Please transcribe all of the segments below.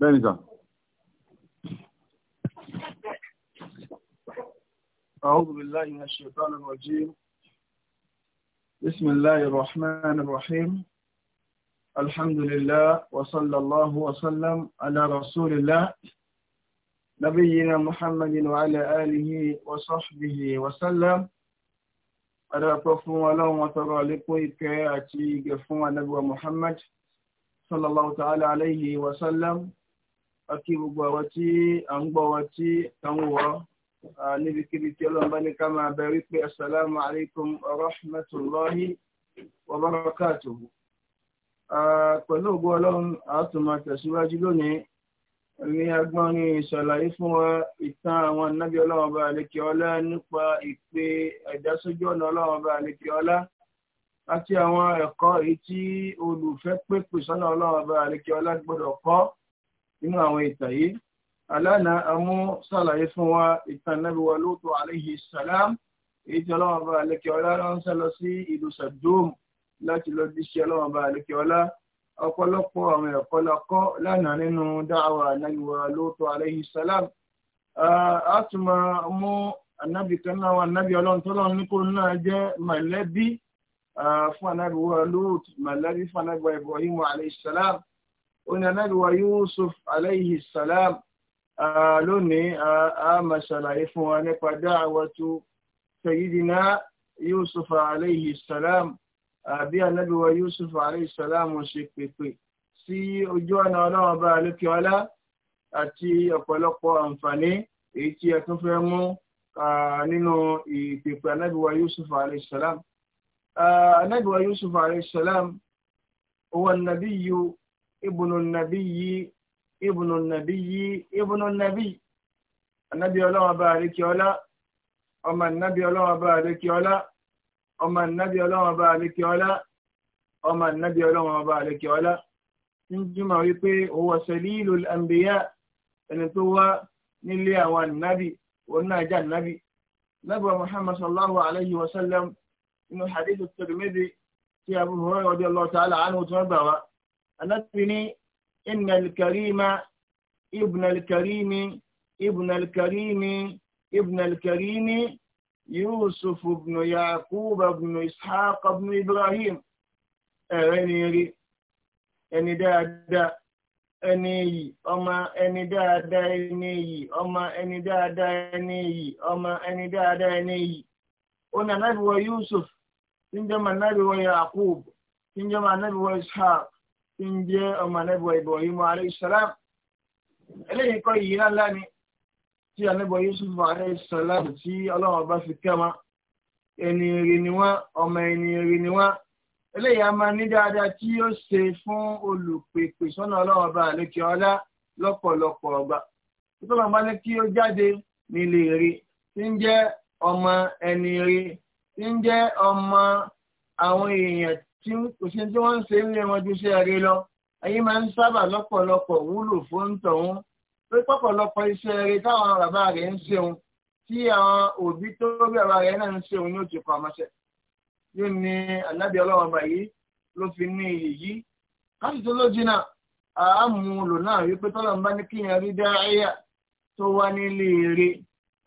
bẹ́ẹ̀ni sà. أعوذ بالله من الشيطان الرجيم بسم الله الرحمن الرحيم الحمد لله وصلى الله وسلم على رسول الله نبينا محمد وعلى آله وصحبه وسلم adọ́pọ̀ fún ọlọ́run ọ̀tọ́rọ̀ lékún ìkẹ́ àti ìgẹ̀ fún anábíwa Muhammad sallallahu ta'ala alayhi a kí gbogbo àwọn tí à ń gbọ́ wa tí à ń wọ́ níbikíbi tí ọlọ́run bá ní ká máa bẹ wípé asalaamu alaykum wa rahmatulahi wa barakatuhu. pẹ̀lú ògbó ọlọ́run a tún máa tẹ̀síwájú lónìí ní agbọ́nrin ìṣàlàyé fún wa ìtàn àwọn ànábì ọlọ́run ọba àlekè ọlá nípa ìpè ẹ̀dásójú ọ̀nà ọlọ́run ọba àlekè ọlá àti àwọn ẹ̀kọ́ èyí tí olùfẹ́ pèpè sọ́nà ọlọ́run ọba àlekè ọlá gbọ́dọ̀ kọ́ nínú àwọn ìtàn yìí alána amú sàlàyé fún wa ìtàn Nábì wa Lútù alayhi salam èyí tí ọlọ́wọ́n bá lẹ́kẹ̀ ọlá ránṣẹ́ lọ sí ìlú Sàdúm láti lọ bí ṣe ọlọ́wọ́n bá lẹ́kẹ̀ ọlá ọ̀pọ̀lọpọ̀ àwọn ẹ̀kọ́ lakọ́ lánàá nínú dáhàwá Nábì wa Lútù alayhi salam a tún anábì kan náà wọn anábì ọlọ́run tó lọ́run onínàdàdùwà Yusuf alayhi salam lónìí a máa ṣàlàyé fún wa nípa dáàwàtú sayyidina Yusuf alayhi salam àbí ànàdùwà Yusuf alayhi salam ṣe pèpè sí ojú ọ̀nà ọlọ́run lókè ọlá àti ọ̀pọ̀lọpọ̀ àǹfààní èyí tí a tún fẹ́ mú nínú ìpèpè ànàdùwà Yusuf alayhi salam. ànàdùwà Yusuf alayhi salam huwa an-nabiyyu ibùnú nàbí yìí ibùnú nàbí yìí ibùnú nàbí ànábì ọlọ́wọ́ bá àríkí ọlá ọmọ ànábì ọlọ́wọ́ bá àríkí ọlá ọmọ ànábì ọlọ́wọ́ bá àríkí ọlá ọmọ ànábì ọlọ́wọ́ bá àríkí ọlá ń jùmọ̀ wípé huwa salilul anbiya ẹni tó wá nílé àwọn ànábì òun náà jẹ́ ànábì nabi muhammad sallallahu alayhi wa sallam inú hadithu Tirmidhi tí Abu Hurairah radiyallahu ta'ala anhu tó gbà wá anásìní ìnàlìkàríma ìbùnàlìkàrími ìbùnàlìkàrími ìbùnàlìkàrími yusuf ibùnà yakub ibùnà ishaq ibùnà ibrahim ẹ̀rẹ́ ni rí ẹni dáadáa ẹni yìí ọmọ ẹni dáadáa ẹni yìí ọmọ ẹni dáadáa ẹni yìí ọmọ ẹni dáadáa ẹni yìí ó ní anábìwọ̀ yusuf tí ń jẹ́ mọ̀ anábìwọ̀ yakub tí ń jẹ́ mọ̀ anábìwọ̀ ishaq tí ń jẹ́ ọmọ ànábọ̀ Ibrahim alayhi salam eléyìí kọ́ yìí náà láni tí ànábọ̀ Yusuf alayhi salam tí ọlọ́run bá fi kẹ́mọ́ ẹni rí ni wọ́n ọmọ ẹni rí ni wọ́n eléyìí a máa ní dáadáa tí yóò ṣe fún olùpèpè sọ́nà ọlọ́run bá àlékè ọlá lọ́pọ̀lọpọ̀ ọgbà tó lọ́n bá ní kí ó jáde nílé rí tí ń jẹ́ ọmọ ẹni rí tí ń jẹ́ ọmọ àwọn èèyàn tí kò sí tí wọ́n ń ṣe nílé wọn ju iṣẹ́ rẹ lọ èyí máa ń sábà lọ́pọ̀lọpọ̀ wúlò fún tọ̀hún pé pọ̀pọ̀lọpọ̀ iṣẹ́ rẹ táwọn bàbá rẹ̀ ń ṣeun tí àwọn òbí tó bí bàbá rẹ̀ náà ń ṣeun ní òtún kan ọmọṣẹ́ yóò ní alábì ọlọ́wọ́n bá yìí ló fi ní iyì yìí káṣíṣe ló jìnnà àámu náà wípé tọ́lọ̀ ń bá ní kíyàn rí dáríyà tó wá nílé eré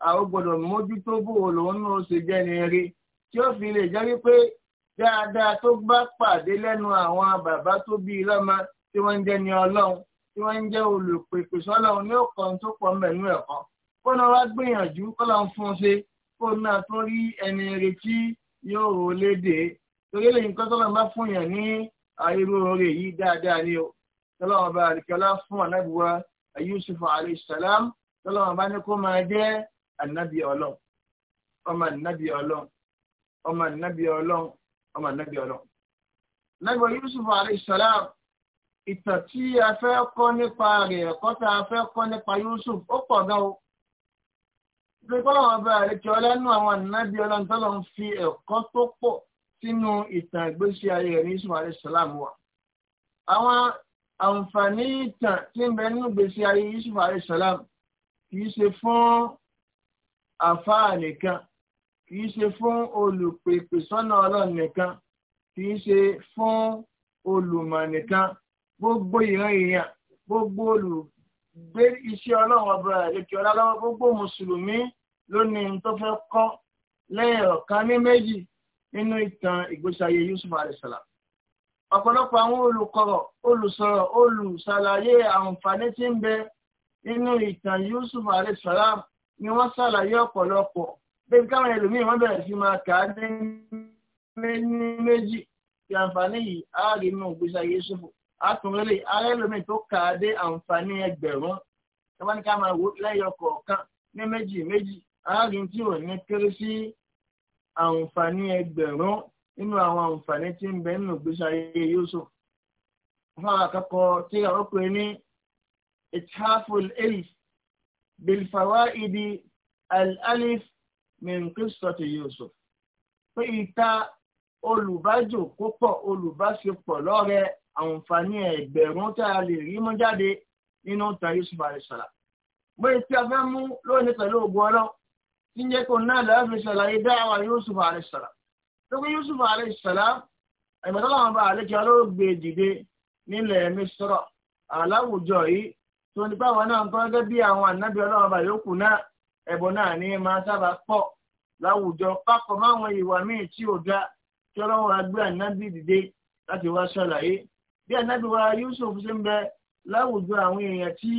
àwọn gbọ́dọ̀ mójútó bò lòun náà ṣe jẹ́ ní eré tí ó fi lè jẹ́ wípé dáadáa tó bá pàdé lẹ́nu àwọn bàbá tó bí i lọ́mọ tí wọ́n ń jẹ́ ni ọlọ́run tí wọ́n ń jẹ́ olùpèpè sọ́lọ́run ní òkò tó pọ̀ mẹ́nu ẹ̀kọ́ kó náà wá gbìyànjú kó lọ́n fún un ṣe kó náà tó rí ẹni retí yóò léde torí lè nǹkan tọ́lọ́run bá fún yàn ní irú yìí dáadáa ni o tọ́lọ́run bá àríkẹ́lá fún ànábìwá Yusuf alayhi salam tọ́lọ́run bá ní kó máa jẹ́ ànábì ọlọ́run ọmọ ànábì ọlọ́run ọmọ ànábì ọlọ́run ọmọ ànábì ọlọ́run. Nábì Yusuf alayhi salam ìtàn tí a fẹ́ kọ́ nípa rẹ̀ ẹ̀kọ́ tá a fẹ́ nípa Yusuf ó pọ̀ gan o. Ṣé kọ́lọ́wọ́ bá rẹ̀ kí ọlẹ́nu àwọn ànábì ọlọ́run tọ́lọ́ ń fi ẹ̀kọ́ tó pọ̀ sínú ìtàn ìgbésí ayé rẹ̀ ní Yusuf alayhi salam wà. Àwọn àǹfààní ìtàn tí ń bẹ nínú ìgbésí ayé Yusuf alayhi salam kì í ṣe fún àfáà nìkan kì í ṣe fún olùpèpè sọ́nà ọlọ́run nìkan kì í ṣe fún olùmọ̀ nìkan gbogbo ìran èèyàn gbogbo olùgbé iṣẹ́ ọlọ́run ọba àlejò ọlọ́lọ́wọ́ gbogbo mùsùlùmí ló ní n tó fẹ́ kọ́ lẹ́yìn ọ̀kan ní méjì nínú ìtàn ìgbésí ayé Yusuf alayisalaam ọ̀pọ̀lọpọ̀ àwọn olùkọ̀rọ̀ olùsọ̀rọ̀ olùsàlàyé àǹfààní tí ń bẹ nínú ìtàn Yusuf alayisalaam ni wọ́n ṣàlàyé ọ̀pọ̀lọpọ̀ bẹ́ẹ̀ káwọn ẹlòmíì wọ́n bẹ̀rẹ̀ sí máa kà á ní méjì ti àǹfààní yìí ààrẹ inú ògbésà Yéṣùfù àtúnrẹ́lẹ̀ ààrẹ ẹlòmíì tó kà á dé àǹfààní ẹgbẹ̀rún ẹwọ́n ní ká máa wò lẹ́yọ kọ̀ọ̀kan ní méjì méjì ààrẹ tí ò ní kéré sí àǹfààní ẹgbẹ̀rún nínú àwọn àǹfààní tí ń bẹ nínú ògbésà Yéṣùfù fún àkọ́kọ́ tí àwọn pè ní ìtàfùl elif bilfawaidi al-alif mẹ́ńkísọ́tì Yusuf pé ìta olùbájòkópọ̀ olùbáṣepọ̀ lọ́rẹ̀ẹ́ àǹfààní ẹgbẹ̀rún tá a lè rí mú jáde nínú ìtàn Yusuf àìsàlà. mo ti a fẹ́ mú lónìí pẹ̀lú ògùn ọlọ́ tí ń jẹ́ kó náà lọ́wọ́ fi ṣàlàyé dáhàwá Yusuf àìsàlà. lókè Yusuf àìsàlà ìmọ̀tọ́ làwọn bá àlejò alóògbé dìde nílẹ̀ Mísírà aláwùjọ yìí tó nípa àwọn náà ń kọ́ gẹ́gẹ́ bí àwọn ànábì ọlọ́run bá yòókù náà ẹbọ náà ní máa sábà pọ̀ láwùjọ pápọ̀ máwọn ìwà míì tí ò dá tí ọlọ́run agbé ànábì dìde láti wá ṣàlàyé bí ànábì wa Yusuf ṣe ń bẹ láwùjọ àwọn èèyàn tí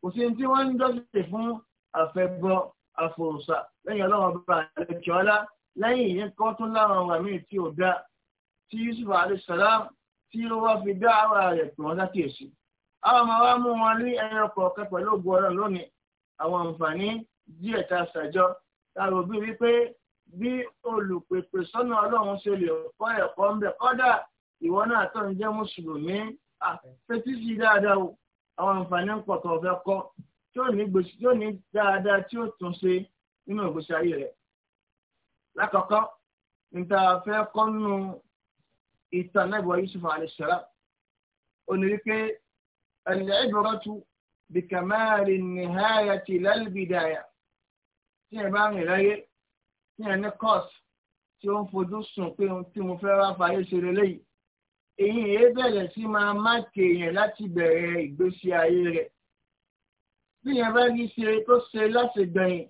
kò sí tí wọ́n ń dọ́sẹ̀ fún àfẹ́bọ àfòrùsà lẹ́yìn ọlọ́run bá àlejò ọlá lẹ́yìn ìyẹn kan tún láwọn ìwà míì tí ò dá tí Yusuf alayhi salam tí ó wá fi dá àwọn ààrẹ pè wọ́n lákèésí. àwọn ọmọ wa mú wọn ní ẹyọ kọ̀ọ̀kan pẹ̀lú ògùn ọ̀rọ̀ lónìí àwọn àǹfààní díẹ̀ tá a ṣàjọ tá a wípé bí olùpèpè sọ́nà ọlọ́run ṣe lè kọ́ ẹ̀kọ́ ń bẹ̀ kọ́dà ìwọ náà tó ń jẹ́ mùsùlùmí fetí dáadáa àwọn àǹfààní ń pọ̀ tó fẹ́ kọ́ tí ó ní dáadáa tí ó tún ṣe nínú ìgbésí ayé rẹ̀. lákọ̀ọ́kọ́ níta fẹ́ kọ́ nínú ìtàn náà Yusuf alẹ́sẹ̀rá ó wípé ẹ̀lẹ́ ìbọ̀rọ̀ tu bìkàmáàrin nìháyà ti lálùbìdáyà tí ẹ bá rìn láyé tí ẹ ní kọ́ọ̀sì tí ó ń fojú sùn pé ohun tí mo fẹ́ wá fàyè ṣe lélẹ́yìí èyí èé bẹ̀rẹ̀ sí máa má kéèyàn láti bẹ̀rẹ̀ ìgbésí ayé rẹ̀ bí yẹn bá rí ṣe tó ṣe láti gbẹ̀yìn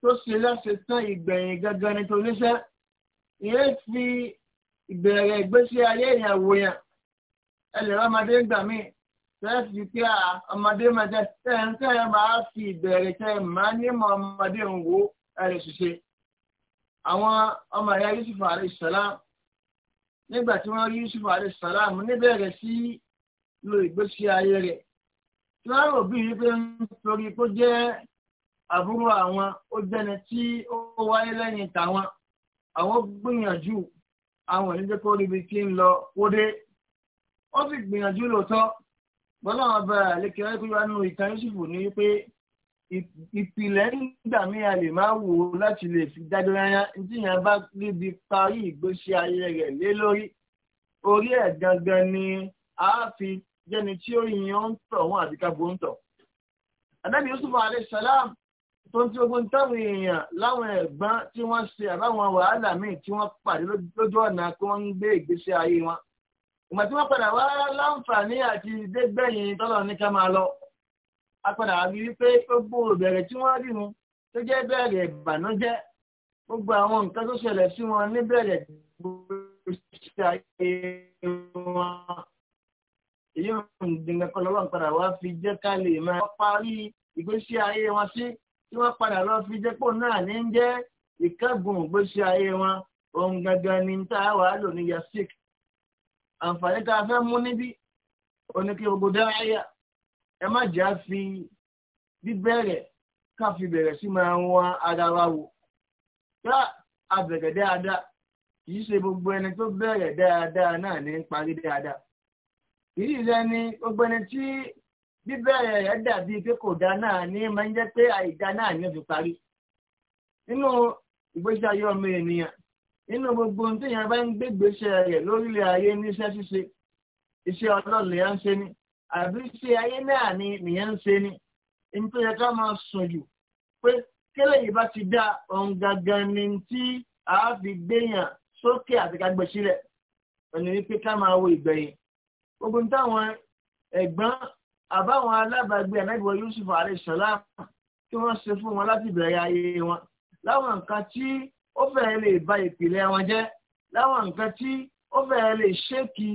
tó ṣe láti tán ìgbẹ̀yìn gangan ni tó níṣẹ́ ìyẹn fi ìbẹ̀rẹ̀ ìgbésí ayé ìyàwó yẹn ẹlẹ́rọ ọmọdé ń gbà míì tẹ́sí pé ọmọdé mẹ́tẹ́ tẹ́ ẹ máa fi ìbẹ̀rẹ̀ tẹ́ ẹ máa nímọ̀ ọmọdé ń wo ẹ̀rẹ̀ ṣiṣẹ́. Àwọn ọmọ ìyá Yusuf Alayhisalam nígbà tí wọ́n rí Yusuf Alayhisalam níbẹ̀rẹ̀ sí lo ìgbésí ayé rẹ̀. Tí wọ́n rò bí wípé nítorí kó jẹ́ àbúrò àwọn ó jẹ́ni tí ó wáyé lẹ́yìn tàwọn. Àwọn gbìyànjú àwọn onídẹ́kọ̀ọ́ ríbi tí ń lọ kódé. Ó sì gbìyànjú lóòótọ́ bọ́lá ọba àlékè wáyé pé wọ́n nu ìtàn Yúsúfù ní pé ìpìlẹ̀ nígbà míì a lè máa wò ó láti lè fi dájọ́ yányá tí yẹn bá níbi parí ìgbésí ayé rẹ̀ lé lórí orí ẹ̀ gangan ni a fi jẹ́ni tí ó yin ó ń tọ̀ wọn àti kábò ń tọ̀. ànábì Yúsúfù alayhi salam tó ń tí ogun táwọn èèyàn láwọn ẹ̀gbọ́n tí wọ́n ṣe àbáwọn wàhálà míì tí wọ́n pàdé lójú ọ̀nà kí wọ́n ń gbé ìgbésí ayé wọn ìgbà tí wọ́n padà wá láǹfààní àti dégbẹ̀yìn tọ́lọ̀ ní ká máa lọ apàdà àbí wípé gbogbo ìbẹ̀rẹ̀ tí wọ́n rí mu tó jẹ́ bẹ̀rẹ̀ ìbànújẹ́ gbogbo àwọn nǹkan tó ṣẹlẹ̀ sí wọn níbẹ̀rẹ̀ gbogbo ìṣẹ́ ayé wọn èyí ń dìgbà kan lọ́wọ́ padà wá fi jẹ́ ká lè máa parí ìgbésí ayé wọn sí tí wọ́n padà lọ fi jẹ́ pò náà ní jẹ́ ìkẹ́gùn ìgbésí ayé wọn ohun gangan ni tá a wàá lò ní yasik àǹfààní tá a fẹ́ mú níbí oníkí gbogbo dárayá ẹ má jà fi bíbẹ̀rẹ̀ ká fi bẹ̀rẹ̀ sí máa ń wá ara wa wò tá a bẹ̀rẹ̀ dáadáa gbogbo ẹni tó bẹ̀rẹ̀ dáadáa náà ní parí dáadáa kì ṣe ni gbogbo ẹni tí bíbẹ̀rẹ̀ rẹ̀ dàbí pé kò dá náà ní máa ń jẹ́ pé àìdá náà ní fi parí nínú ìgbésí ayé ọmọ ènìyàn nínú gbogbo ohun tí èèyàn bá ń gbégbèsè rẹ̀ lórílẹ̀ ayé níṣẹ́ ṣíṣe iṣẹ́ ọlọ́ọ̀lẹ̀ yẹn ń ṣe ni àbí iṣẹ́ ayé náà ni nìyẹn ń ṣe ni nítorí yẹ ká máa sùn jù pé kélé yìí bá ti dá ohun gangan ni tí a fi gbéyàn sókè àti ká gbé sílẹ̀ òní wípé ká máa wo ìgbẹ̀yìn gbogbo ní táwọn ẹ̀gbọ́n àbáwọn alábàágbé ànágbèwọ̀ Yusuf alayhi salam kí wọ́n ṣe fún wọn láti bẹ̀rẹ̀ ayé wọn láwọn nǹkan tí ó fẹ́ẹ́ lè ba ìpìlẹ̀ wọn jẹ́ láwọn nǹkan tí ó fẹ́ẹ́ lè ṣéèkì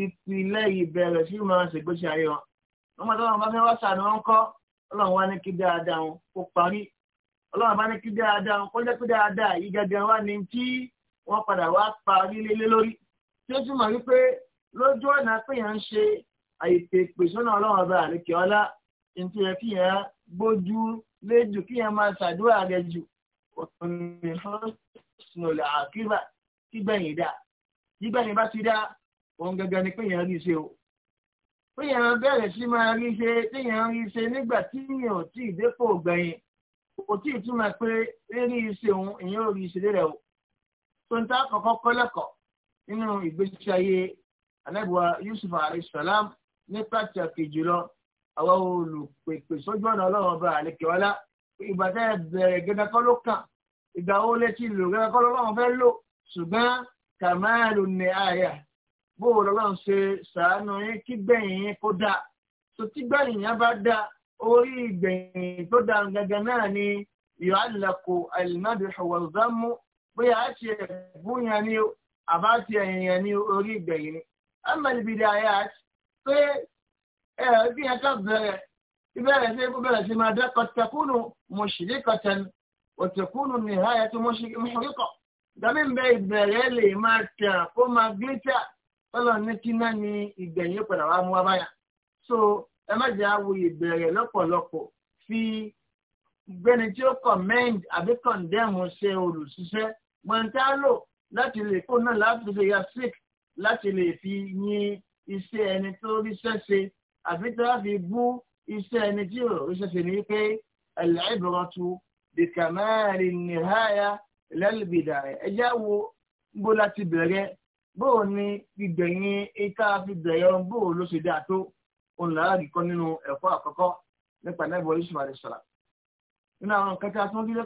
ìpìlẹ̀ ìbẹ̀rẹ̀ sí máa ṣègbésí ayé wọn. wọ́n máa tọ́wọ́n bá fẹ́ wá sàánú wọn kọ́ ọlọ́run wá ní kí dáadáa wọn kó parí ọlọ́run bá ní kí dáadáa wọn kó jẹ́ kí dáadáa yìí gẹ́gẹ́ wá ní tí wọ́n padà wá parí lélé lórí tí ó sì mọ̀ wípé lójú ọ̀nà pé ń ṣe àìpèpè sọ́nà ọlọ́run ọba àríkè ọlá ní tí yẹn kí yẹn gbójú léjù kí yẹn máa ṣàdúrà rẹ jù òní fọ́sùn ọ̀là àkíbà gbígbẹ̀yìn dá gbígbẹ̀yìn bá ti dá òun gẹ́gẹ́ ni pé èèyàn rí ṣe o pé èèyàn bẹ̀rẹ̀ sí máa rí ṣe téèyàn rí ṣe nígbà tí èèyàn ò tí ì dépò gbẹ̀yìn kò tí ì túmọ̀ pé rírí ṣe òun èèyàn ò rí ṣe lérẹ̀ o tó kọ̀kọ́ kọ́lẹ́kọ̀ọ́ nínú ìgbésí ayé alẹ́bùwa Yusuf alayhisalaam ní pàtàkì jùlọ àwọn olùpèpè sójú ọ̀nà ọlọ́run ọba àlekèwálá ìgbà tẹ́ ẹ bẹ̀rẹ̀ gẹ́gẹ́ kọ́ ló kàn ìgbà ó létí lò gẹ́gẹ́ kọ́ ló lọ́wọ́ fẹ́ lò ṣùgbọ́n kàmáàlù ní àyà bó o lọ́wọ́ ń ṣe sàánú yín kí gbẹ̀yìn yín kó dáa tó tí gbẹ̀yìn yẹn bá dáa orí ìgbẹ̀yìn tó dáa gẹ́gẹ́ náà ni ìhàlẹ́kọ̀ àìlèmọ́dé ṣọ̀wọ́zámú bóyá á ti ẹ̀bùn yẹn ni o àbá ti ẹ̀yìn yẹn ni orí ìgbẹ̀yìn ni. amẹ́lìbìdì àyà pé ẹ̀ẹ́dì yẹn ká bẹ̀rẹ̀ ìbẹ̀rẹ̀ sí kó bẹ̀rẹ̀ sí máa dẹ́kọ̀ tẹkúnù mọ̀ṣíríkọ̀tẹ̀n òtẹkúnù nìháyà tó mọ̀ṣíríkọ̀ dàbí bẹ ìbẹ̀rẹ̀ lè máa tẹ̀ kó máa gbẹ́tà tọ́lọ̀ ní kíná ni ìgbẹ̀yìn padà wá mú wá báyà so ẹ má jẹ́ àwò ìbẹ̀rẹ̀ lọ́pọ̀lọpọ̀ fi gbẹ́ni tí ó commend àbí condemn ṣe olùṣiṣẹ́ mọ̀ntálò láti lè kó náà láti lè ya sick láti lè fi iṣẹ́ ẹni tí ò ṣe ṣe ní pé al-ibratu bi kamali nihaya lẹ́lẹ́bìdà rẹ̀ ẹjẹ́ wo bó láti bẹ̀rẹ̀ bóò ni gbígbẹ̀yìn ìta fi bẹ̀rẹ̀ bóò ló ṣe dáa tó òun làárá nínú ẹ̀kọ́ àkọ́kọ́ nípa nẹ́bọ̀ yusuf àdìsọ́lá nínú àwọn kẹta tó ń dílé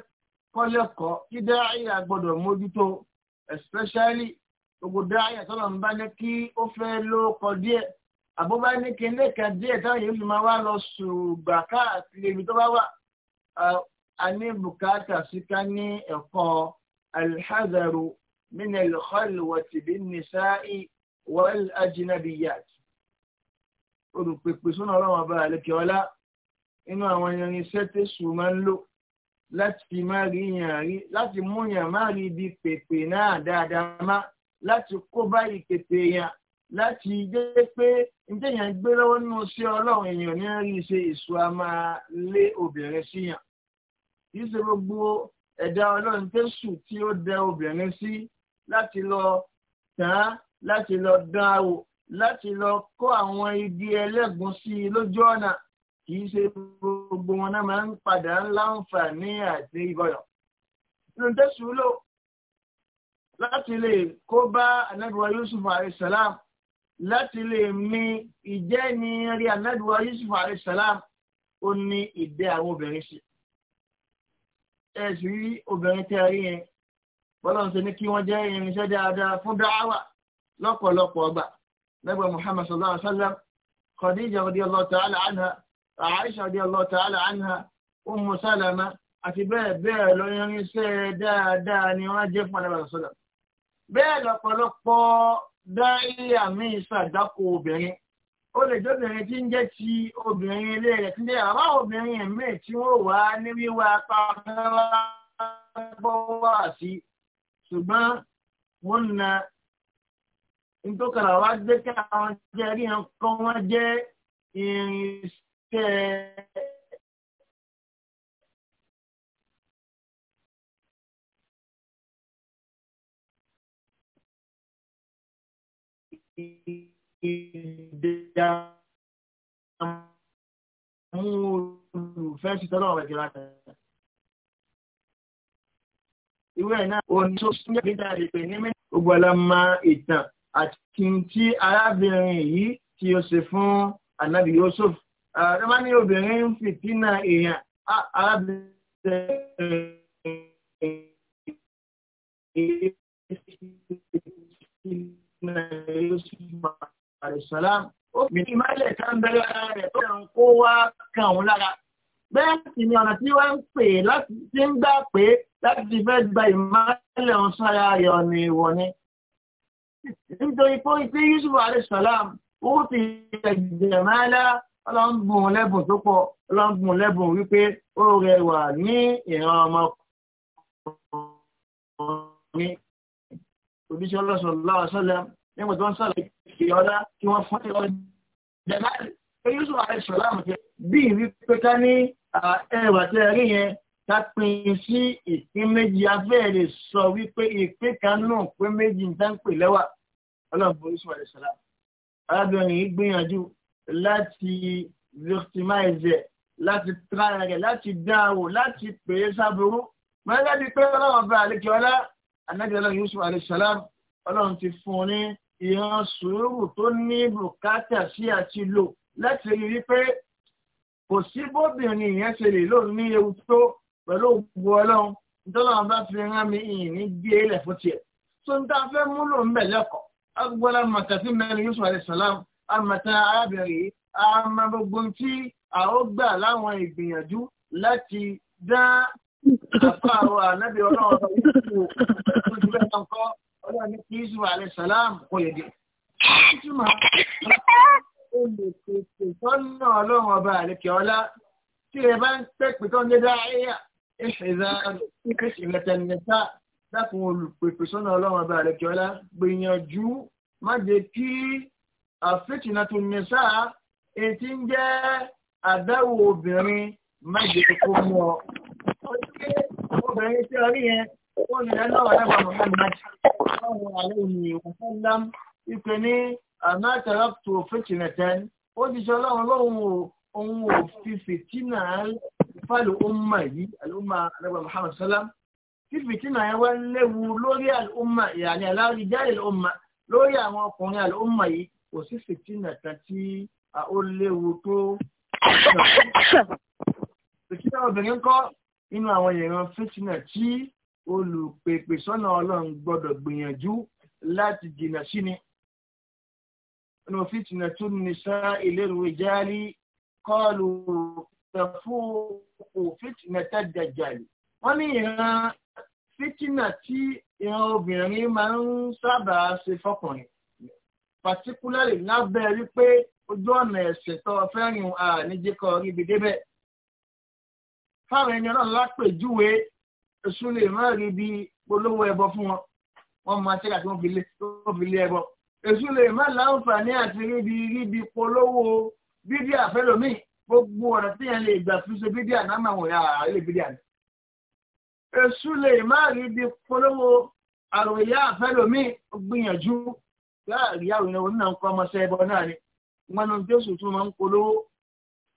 kí dáhìá gbọ́dọ̀ mójútó especially gbogbo dáhìá tọ́lọ̀ ń bá ní kí ó fẹ́ ló kọ díẹ̀ àbúbá ní kíndé kan díẹ̀ táwọn yìí máa wá lọ ṣùgbà káàkiri ibi tó bá wà a ní bùkátà sí ká ní ẹ̀kọ́ alḥadaru min alkhalwati bin nisa'i wal ajnabiyat olùpèpè sọ́nà ọlọ́run ọba àlekè ọlá inú àwọn irinṣẹ́ tẹ̀sù máa ń lò láti má rí yàn rí láti mú yàn má rí ibi pèpè náà dáadáa má láti kó báyìí pèpè yàn láti jẹ́ pé njẹ́ yẹn gbé lọ́wọ́ nínú sí ọlọ́run èèyàn ní rí ṣe èso a máa lé obìnrin sí yàn kì í ṣe gbogbo ẹ̀dá ọlọ́run tẹ́sù tí ó dẹ obìnrin sí láti lọ tán láti lọ dán àwò láti lọ kó àwọn igi ẹlẹ́gùn sí i lójú ọ̀nà kì í ṣe gbogbo wọn náà máa ń padà láǹfààní àti ìbọyọ̀ nínú tẹ́sù lò láti lè kó bá anábìwá Yusuf alayhi salam láti lè mi ìjẹ́ ni rí anáduwa Yusuf alayisalaam ó ní ìdẹ́ àwọn obìnrin sí. ẹ sì rí obìnrin tẹ́ rí yẹn bọ́lọ́n ṣe ní kí wọ́n jẹ́ irinṣẹ́ dáadáa fún dáhàwà lọ́pọ̀lọpọ̀ ọgbà lẹ́gbẹ̀ẹ́ Muhammad sallallahu alayhi wa sallam Khadija radiyallahu ta'ala anha Aisha radiyallahu ta'ala anha Ummu Salama àti bẹ́ẹ̀ bẹ́ẹ̀ lọ irinṣẹ́ dáadáa ni wọ́n jẹ́ fún alábàṣọ́lá dáríyà míì ṣàdákò obìnrin ó lè jẹ́ obìnrin tí ń jẹ́ ti obìnrin ilé rẹ̀ tí ń jẹ́ àbá obìnrin míì tí wọ́n wà ní wíwá pàmò wá sí ṣùgbọ́n wọ́n na ntọ́kara wá jẹ́ kí àwọn jẹ́rí nǹkan wọ́n jẹ́ irinṣẹ́ ìdààmú olùfẹ́ sí tọ́lọ́ ọ̀rẹ́ ìjọba kan. Irú ẹ̀ náà ò ní tó súnmọ́ nígbà ìpè ní mẹ́ta. Gbogbo ọlọ́mọ ìtàn àti tí arábìnrin yìí tí ó ṣe fún ànábì Yusuf. Àdọ́mọ́ ní obìnrin ń fìtínà èèyàn arábìnrin Yusuf àrẹ̀sọ́lám ó fi ìmọ̀lẹ̀ kan bẹ̀rẹ̀ ara rẹ̀ tó kàn kó wá kàn òun lára bẹ́ẹ̀ sì ni ọ̀nà tí wọ́n ń pè láti ti ń gbà pé láti ti fẹ́ gba ìmọ̀lẹ̀ ọ̀hún sára rẹ̀ ọ̀nà ìwọ̀ ni nítorí pé tí Yusuf àrẹ̀sọ́lám ó ti ẹ̀jẹ̀ mẹ́lá ọlọ́ngbùn lẹ́bùn tó pọ̀ ọlọ́ngbùn lẹ́bùn wípé ó rẹwà ní ìran ọmọkùnrin òbíṣẹ́ nígbà tí wọ́n sọ̀rọ̀ ìṣe ọlá kí wọ́n fún ẹ̀rọ ìjọba èyí sọ àrẹ sọ̀rọ̀ àmọ̀ jẹ́ bí ìrí pé ká ní ẹwà tẹ́ rí yẹn ká pín sí ìpín méjì afẹ́ lè sọ wípé ìpín kan náà pé méjì ń tán pè lẹ́wà ọlọ́run borí sọ̀rọ̀ ìṣọ̀rọ̀ arábìnrin yìí gbìyànjú láti victimize láti tráyà rẹ̀ láti dá a wò láti pè é sábúrú mọ́lẹ́bí pé ọlọ́run bá àlejò ọlá anábìyàn ọlọ́run Yusuf alayhi salam ọlọ́run ti fún un ní ìran sùúrù tó ní bùkátà sí àti lò láti rí wípé kò sí bóbìnrin yẹn ṣe lè lò ní ewu tó pẹ̀lú òkú ọlọ́run nítorí àwọn bá fi rán mi ìyìn ní gbé ilẹ̀ e fún tiẹ̀. tó ń tá a fẹ́ múlò ń bẹ̀ lẹ́kọ̀ọ́ agbọ́dọ̀ màkàtí mẹ́rin Yusuf alayhi salam àmọ̀tá arábìnrin yìí àmọ́ gbogbo tí a ó gbà láwọn ìgbìyànjú láti dá àpá àwọn ànábì ọlọ́run tó ọlọ́run ní kí yusuf alẹ́ sàlám kò lè dé. ìtumọ̀ olùpèsè tọ́nà ọlọ́run ọba àlekè ọlá tí ẹ bá ń pèpè tó ń dé dáhìá ìṣẹ̀dá ìrẹtẹ̀nìyẹta dákun olùpèpè sọ́nà ọlọ́run ọba àlekè ọlá gbìyànjú má jẹ́ kí àfẹ́tìnà tó ní sáà ètí ń jẹ́ àdáwò obìnrin má jẹ́ kó mú ọ. ọ̀sẹ̀ obìnrin tí a rí yẹn. قول لنا ونبع محمد صلى الله عليه وسلم يكني ما تركت فتنة ودي شاء الله òun ò fi fìtínà fáìlì ọmọ yìí alùmọ àdàbà Muhammad sallam tí fìtínà yẹn wá léwu lórí alùmọ ìyàní alárijáde alùmọ lórí àwọn ọkùnrin alùmọ yìí kò sí fìtínà kan tí ó léwu tó fìtínà obìnrin kọ́ inú àwọn èèyàn fìtínà tí olùpèpè sọ́nà ọlọ́run gbọ́dọ̀ gbìyànjú láti jìnnà sí ni. inú fìtìnà tún ní sá ìlérò ìjáàlì kọ́ọ̀lù tẹ̀fún fìtìnà tẹ̀jàjàlì. wọ́n ní ìran fìtìnà tí ìran obìnrin máa ń sábà ṣe fọkùnrin. pàtíkúlárì lábẹ́ wípé ojú ọ̀nà ẹ̀sìn tó fẹ́ràn àníjẹ́kọ̀ọ́ ríbi débẹ̀. fáwọn ẹni ọlọ́run lápèjúwe èṣù lè má rí bí polówó ẹbọ fún wọn wọn máa ṣẹ́ka tí wọ́n fi lé ẹbọ èṣù má láǹfààní àti ríbi ríbi polówó bídíà fẹ́lòmíì gbogbo ọ̀nà tí yẹn lè gbà fi ṣe bídíà náà máa wọ̀nyá àárẹ̀ bídíà ni. èṣù lè má ríbi polówó àròyá fẹ́lòmíì gbìyànjú láàrí àròyìn òun náà ń kọ́ ọmọọṣẹ́ ẹbọ náà ni wọn ní Jésù tún máa ń polówó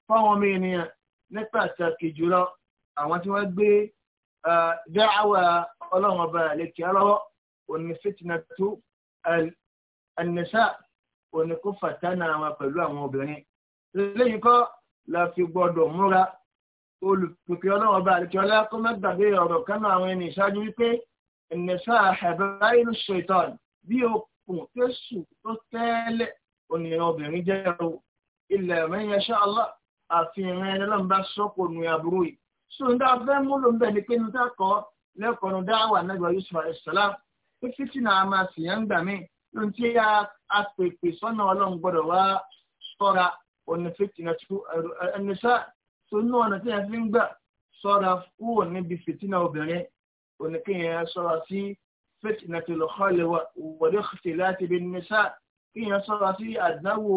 fáwọn ọmọ ènìyàn ní pàtàkì jùlọ àwọn tí wọ́n gbé dáhàwá ọlọ́run ọba àlekè ọlọ́wọ́ òní fìtínà tó ẹnìṣà òní kó fàtánà wọn pẹ̀lú àwọn obìnrin. lẹ́yìn kọ́ la fi gbọ́dọ̀ múra olùpèpè ọlọ́run ọba àlekè ọlá kó má gbàgbé ọ̀rọ̀ kánú àwọn ẹni ìṣáájú wípé ẹnìṣà àbáyélu ṣètọ́n bí okùn tó sùn tó tẹ́lẹ̀ òní obìnrin jẹ́ o ilẹ̀ mẹ́yẹsẹ́ ọlọ́ àfihàn ẹni lọ́nba sọ́kò nù àbúrò yìí sóńdà fẹ́ múlò ń bẹ̀ ni pé níta kọ́ lẹ́kọ̀ọ́ nu dáwà nàgbà Yusuf alayisalaam pé fìtínà a máa sì yàn gbà mí lóun tí a pèpè sọ́nà ọlọ́run gbọ́dọ̀ wá sọ́ra òní tó ẹni sá tó ní ọ̀nà tí a fi ń gbà sọ́ra kúrò níbi fìtínà obìnrin òní kí yẹn sọ́ra sí fìtínà tó lọ́kọ́lẹ̀ wọ̀dé ṣe láti bí ní sá kí yẹn sọ́ra sí àdáwò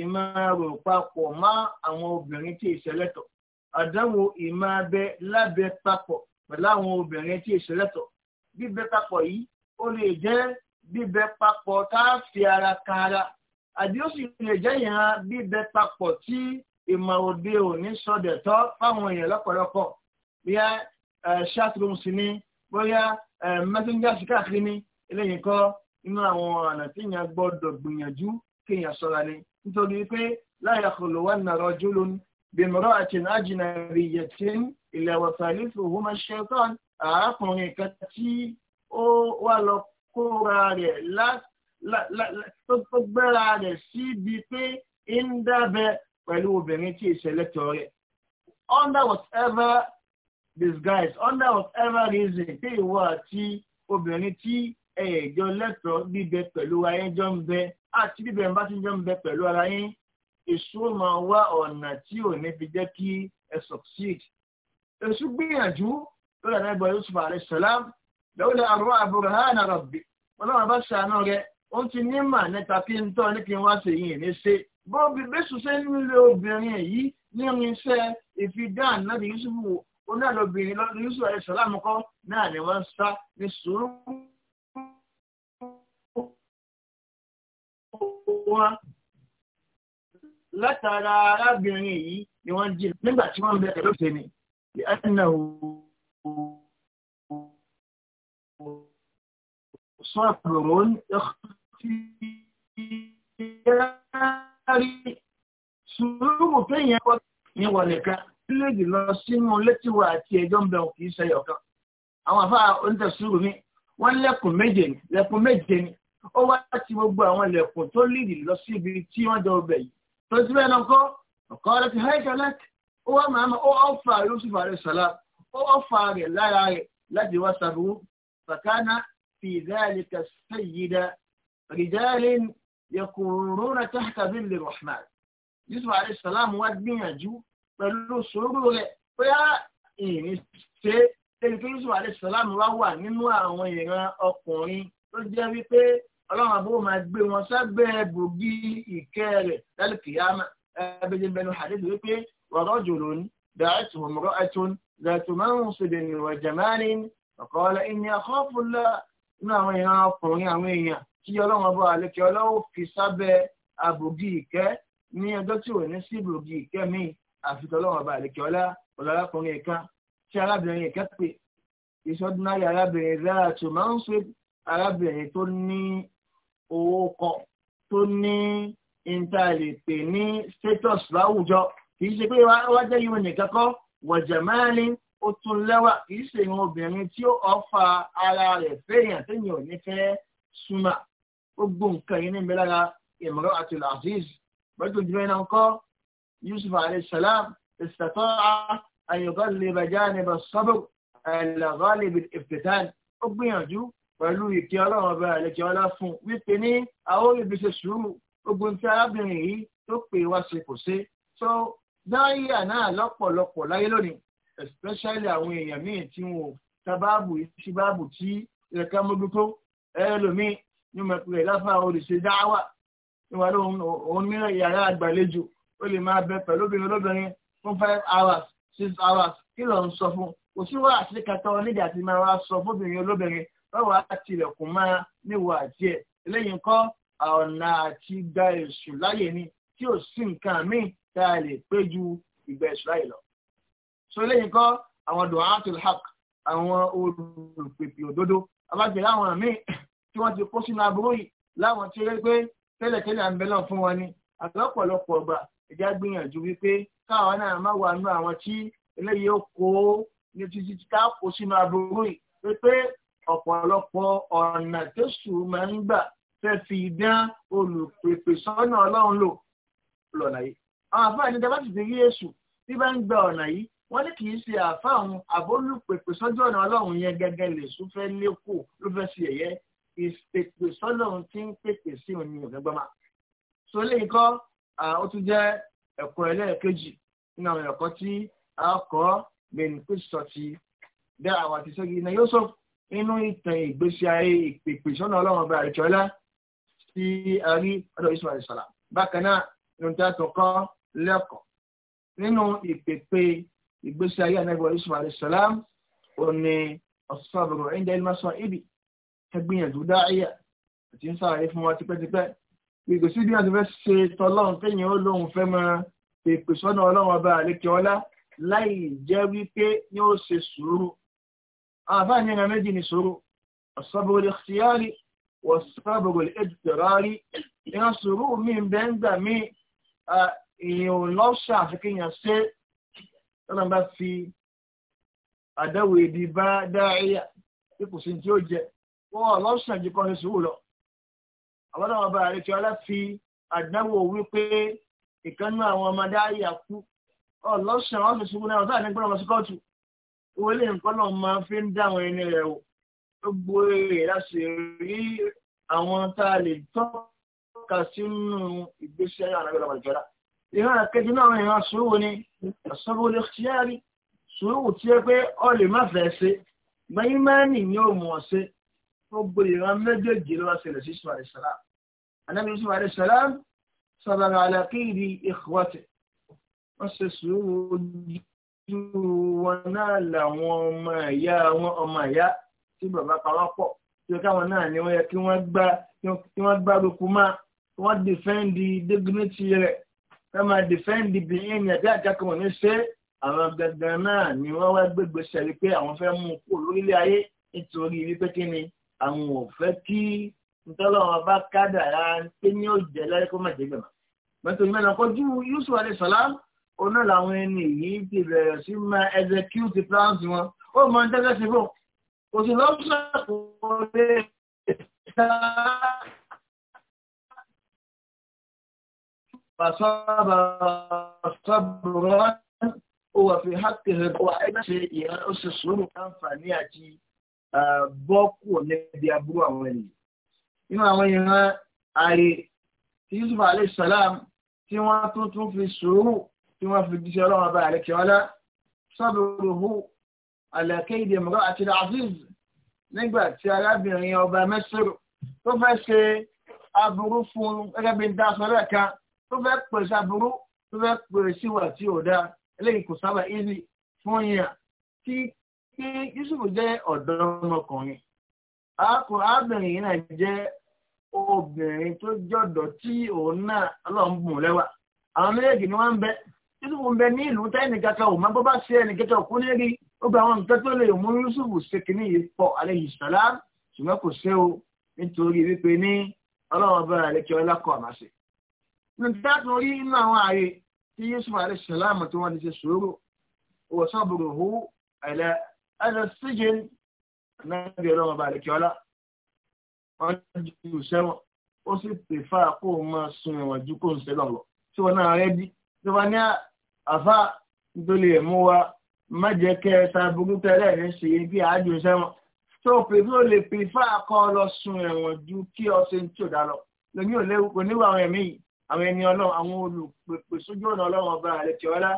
ìmọ̀ rò papọ̀ mọ́ àwọn obìnrin tí ìṣẹ̀lẹ̀ tọ̀ àdánwò ìmọ̀ abẹ lábẹ́ papọ̀ pẹ̀lú àwọn obìnrin tí ìṣẹ̀lẹ̀tọ̀ bíbẹ papọ̀ yìí ó lè jẹ́ bíbẹ papọ̀ tá a fi ara kan ara àbí ó sì lè jẹ́ ìran bíbẹ papọ̀ tí ìmọ̀ òde òní sọdẹ̀tọ́ fáwọn èèyàn lọ́pọ̀lọpọ̀ bóyá chatroom sí ni bóyá messenger káàkiri ni eléyìí kọ́ inú àwọn ọ̀nà tí èèyàn gbọ́dọ̀ gbìyànjú kéèyàn ṣọ́ra ni nítorí pé la yakhlwanna rajulun bimra'atin ajnabiyyatin illa wa thalithuhuma ash-shaytan arákùnrin kan tí ó wá lọ kóra rẹ̀ tó gbẹ́ra rẹ̀ síbi pé ń dábẹ́ pẹ̀lú under whatever disguise under whatever reason pé ìwọ àti obìnrin tí ẹ̀ẹ́jọ lẹ́tọ̀ọ́ bíbẹ pẹ̀lú ayé jọ ń bẹ àti bíbẹ ń bá ti jọ ń bẹ pẹ̀lú ara yín èṣù máa wá ọ̀nà tí ò ní fi jẹ́ kí ẹ succeed. èṣù gbìyànjú lórí àdébọ̀ yusuf alayhi salam abụrụ àrùwá burhana rabbi ọlọ́run bá ṣàánú rẹ̀ ó ti ní mà nípa kí n tọ́ ní kí n wá ṣe yìí ní ṣe. bọ́ọ̀bì bẹ́sù ṣe ń lo obìnrin yìí nínú iṣẹ́ ìfidán náà yusuf lọ́dún yusuf kọ́ náà ni wọ́n sá ní sùúrù látara arábìnrin yìí ni wọ́n jí nígbà tí wọ́n ń bẹ pẹ̀lú òṣèlú ní ẹ̀nà صبر اختياري sùúrù kéèyàn kọ́ ní wọ̀nìkan lóògì lọ sínú létíwọ̀ àti ẹjọ́ ń bẹ òun kì í ṣe ọ̀kan àwọn afá oníṣẹ́sùúrù mi wọ́n lẹ́kùn méje ni lẹ́kùn méje ni ó wá láti gbogbo àwọn lẹ́kùn tó lìdì lọ síbi tí wọ́n jọ bẹ̀ yìí tó ti bẹ́ẹ̀ náà kọ́ ọ̀kọ́ rẹ̀ ti haikalek ó wá màmá ó ọ̀fà Yusuf alayhi salam ó ọ̀fà rẹ̀ lára rẹ̀ láti wá sàbú fàkánà fi dhalika sayyida rijalin yakununa tahta dhilli rahman Yusuf alayhi salam wá gbìyànjú pẹ̀lú sùúrù rẹ̀ bóyá ìrìn ṣe tẹ́lifíṣù alayhi salam wá wà nínú àwọn ìran ọkùnrin tó jẹ́ wípé ọlọ́run àbúrò máa gbé wọn sábẹ́ bògì ìkẹ́ rẹ̀ lálùkìyàmà ẹ̀ẹ́dẹ́gbẹ̀jẹ̀ bẹnu hadith wípé wàrọ̀ jòrò ní dàátù mọ̀mọ́rọ̀ ẹ̀tún dàátù márùn sídìní wà jàmánì ọ̀kọ́ọ́lẹ̀ ìní àkọ́fúnlá nínú àwọn èèyàn ọkùnrin àwọn èèyàn tí ọlọ́run ọba àlekè ọlọ́wọ́ fi sábẹ́ àbògì ìkẹ́ ní ọjọ́ tí ò ní sí bògì ìkẹ́ míì àfikọ́ ọlọ́run ọba àlekè ọlá ọ̀lọ́lákùnrin ìkan owó kọ tó ní ìntàlè pè ní status láwùjọ kì í ṣe pé wá jẹ́ yìí nìkan kọ́ wọ̀jẹ̀mẹ́rin ó tún lẹ́wà kì í ṣe ìwọn obìnrin tí ó ọ̀fà ara rẹ̀ fẹ́yàn téèyàn ò ní fẹ́ súnmà gbogbo nǹkan yìí níbi lára ìmọ̀ràn àti aziz bẹ́ẹ̀ tó jùlọ náà kọ́ yusuf alayhi salam istata'a an yughallib janib as-sabr al-ghalib al-iftitan ó gbìyànjú pẹ̀lú ìkẹ́ ọlọ́run ọba àlejò ọlá fún wípé ní àwọn ibi ṣe sùúrù ogun tí arábìnrin yìí tó pè wá ṣe kò ṣe so dáríyà náà lọ́pọ̀lọpọ̀ láyé lónìí especially àwọn èèyàn míì tí wọn ò sábàbù sí báàbù tí ẹ̀ka mójútó ẹlòmíì ní mo pè láfa olùṣe dáwà ìwà lóhun òun mìíràn yàrá àgbàlejò ó lè máa bẹ pẹ̀lú obìnrin olóbìnrin fún five hours six hours kí ló ń sọ fún kò sí wàhálà sí kàtà onídàá ti máa wá sọ fún obìnrin olóbìnrin báwa tilẹ̀kùn máa níwò àti ẹ̀ eléyìí kọ́ ọ̀nà àti gba èṣù láyè ni tí ò sí nǹkan míì tá a lè pé ju ìgbà èṣù láyè lọ. so eléyìí kọ́ àwọn du'atul haqq àwọn olùpèpè òdodo abájẹ́ láwọn míì tí wọ́n ti kó sínú aburú yìí láwọn tí ó yẹ pé tẹ́lẹ̀tẹ́lẹ̀ à ń bẹ náà fún wọn ni àlọ́pọ̀lọpọ̀ ọgbà ẹ̀já gbìyànjú wípé káwọn náà má wà nú àwọn tí eléyìí ó kó ní títí tá kó sínú aburú yìí pé ọ̀pọ̀lọpọ̀ ọ̀nà tẹ́sù máa ń gbà fẹ́ fi dán olùpèpè sọ́nà ọlọ́run lò lọ́nà yìí. àwọn àfáà ní dábàá ti fi rí èṣù tí bá ń gba ọ̀nà yìí wọ́n ní kì í ṣe àfáà àwọn àbólùpèpè sọ́jú ọ̀nà ọlọ́run yẹn gẹ́gẹ́ lè sún fẹ́ lékò ló fẹ́ ṣe ẹ̀yẹ ìpèpè sọ́lọ́run tí ń pèpè sí òun ni gbọ́mà. so léyìn ó tún jẹ́ ẹ̀kọ́ ẹlẹ́ẹ̀kejì nínú àwọn ẹ̀kọ́ tí a kọ́ bẹ̀rù sọ̀tì bẹ́ẹ̀ àwọn àtisọ́gi náà yóò sọ̀rọ̀ inú ìtàn ìgbésí ayé ìpèpè sọ́nà ọlọ́run ọba àìjọ́lá sí àrí ọ̀dọ̀ Yusuf àìsàlá bákan náà nínú tí a tún kọ́ lẹ́kọ̀ọ́ nínú ìpèpè ìgbésí ayé ànágbọ̀ Yusuf àìsàlá ò ní ọ̀sọ́bùrù ẹ̀ńdẹ́ ìlmásọ ibi ẹgbìyànjú dáìyà àti ń sáré fún wa tipẹ́tipẹ́ ìgbésí bí wọ́n ti fẹ́ ṣe tọ́lọ́run téèyàn ó lóun fẹ́ máa pèpè ọlọ́run ọba àlékè ọlá láì jẹ́ wípé yóò ṣe sùúrù àfáà ní ọ̀nà méjì ní sòrò ọ̀sọ́bọ̀ olè ṣíyárì ọ̀sọ́bọ̀ olè ẹ̀dùtẹ̀rárì ìyá sòrò mi ń bẹ́ ń gbà mí èèyàn lọ́ṣà àti kéèyàn ṣe tọ́lá bá fi àdáwò èdè bá dáríyà tí kò sí tí ó jẹ wọ́n lọ́ṣà jù kọ́ ní sòrò lọ àwọn ọmọ bá rẹ̀ kí ọlá fi àdáwò wípé ìkànnú àwọn ọmọ dáríyà kú ọlọ́ṣà wọn fi sùúrù náà ọ̀tá àdínkù náà lọ sí kóòtù wọ́n lè nǹkan náà máa fi ń dá àwọn ẹni rẹ̀ o gbogbo èrè láti rí àwọn tá a lè tọ́ka sínú ìgbésí ayé àwọn àgbàlagbà ìjọba ìran àkejì náà ìran sùúrù ni àsọ́bù lè ṣíárì sùúrù tí ó pé ọ lè má fẹ́ ṣe gbẹ̀yìn mẹ́rin ni ó mọ̀ ṣe gbogbo ìran méjèèjì ló wá ṣẹlẹ̀ sí ìṣúra ìṣàlá anábì ìṣúra ìṣàlá sábàrà alákìrì ìkọ́tẹ̀ wọ́n ṣe sùúrù ojú wọn náà làwọn ọmọ ẹ̀yà wọn ọmọ ẹ̀yà tí bàbá pàwọ́ pọ̀ tí káwọn náà ni wọ́n yẹ kí wọ́n gbá kí wọ́n gbá roko máa kí wọ́n dìfẹ́ǹdì dignity rẹ̀ ká máa dìfẹ́ǹdì bìyìn ní ẹ̀dá àjàkùn ní ṣe àwọn gangan náà ni wọ́n wá gbégbé sẹ́rí pé àwọn fẹ́ mú kó lórílẹ̀ ayé nítorí wípé kí ni àwọn ò fẹ́ kí ntọ́lọ́wọ́n bá kádàrá pé ní òjẹ́ láyé kó má jẹ́ gbẹ̀mọ́. mẹ́tò ìmẹ́nà kọjú Yusuf alayhi salam oná làwọn ẹni yìí ti bẹ̀rẹ̀ sí máa execute plans wọn ó mọ tẹ́lẹ̀ sí fún kò sí lọ́pọ̀ kò lè ta فصبر صبرا هو في حقه وأنا شيء أسسون أنفاني àti bọ́ kúrò níbi aburú àwọn ènìyàn nínú àwọn ìran ààrẹ tí Yusuf alayhi salam tí wọ́n tún tún fi sùúrù tí wọ́n fi jíṣẹ́ ọlọ́run ọba àlẹ́kẹ́ ọlá sabruhu ala kaydi imra'atil aziz nígbà tí arábìnrin ọba Misr tó fẹ́ ṣe aburú fún gẹ́gẹ́ bí n dá aṣọ lẹ́ẹ̀ka tó fẹ́ pèsè aburú tó fẹ́ pèsè wà tí ò dáa eléyìí kò sábà easy fún yàn tí kí Yusuf jẹ́ ọ̀dọ́ ọmọkùnrin arábìnrin yìí náà jẹ́ obìnrin tó jọ̀dọ̀ tí òun náà ọlọ́run bùn lẹ́wà àwọn méjèèjì ni wọ́n ń bẹ Yusufu ń bẹ ní ìlú tẹ́ẹ̀nì kẹta ò máa bọ́ bá ṣe ẹnì kẹta òkú lérí ó gba àwọn nǹkan tó lè mú Yusufu ṣe kìíní yìí pọ̀ alayhi salam ṣùgbọ́n kò ṣe o nítorí wípé ní ọlọ́run bá àlejò ọlọ́kọ̀ àmàṣe. Nǹkan tó rí inú àwọn ààyè tí Yusufu alayhi salam tí wọ́n ti ṣe sùúrù wọ́n sábùrù hù ẹ̀lẹ́ ẹ̀lẹ́ àfá nítorí ẹ̀ mú wa má jẹ́ kẹ́ ẹ ta burú tẹ́lẹ̀ ní ṣèyí bí àájò sẹ́wọ̀n tó pè fún olè pè fá akọ́ lọ sun ẹ̀wọ̀n ju kí ọ ṣe ń tò dá lọ lómi ò léwu kò níwọ̀ àwọn ẹ̀mí yìí àwọn ẹni ọlọ́run àwọn olùpèpè sójú ọ̀nà ọlọ́run ọba àlẹ́ tí ọlá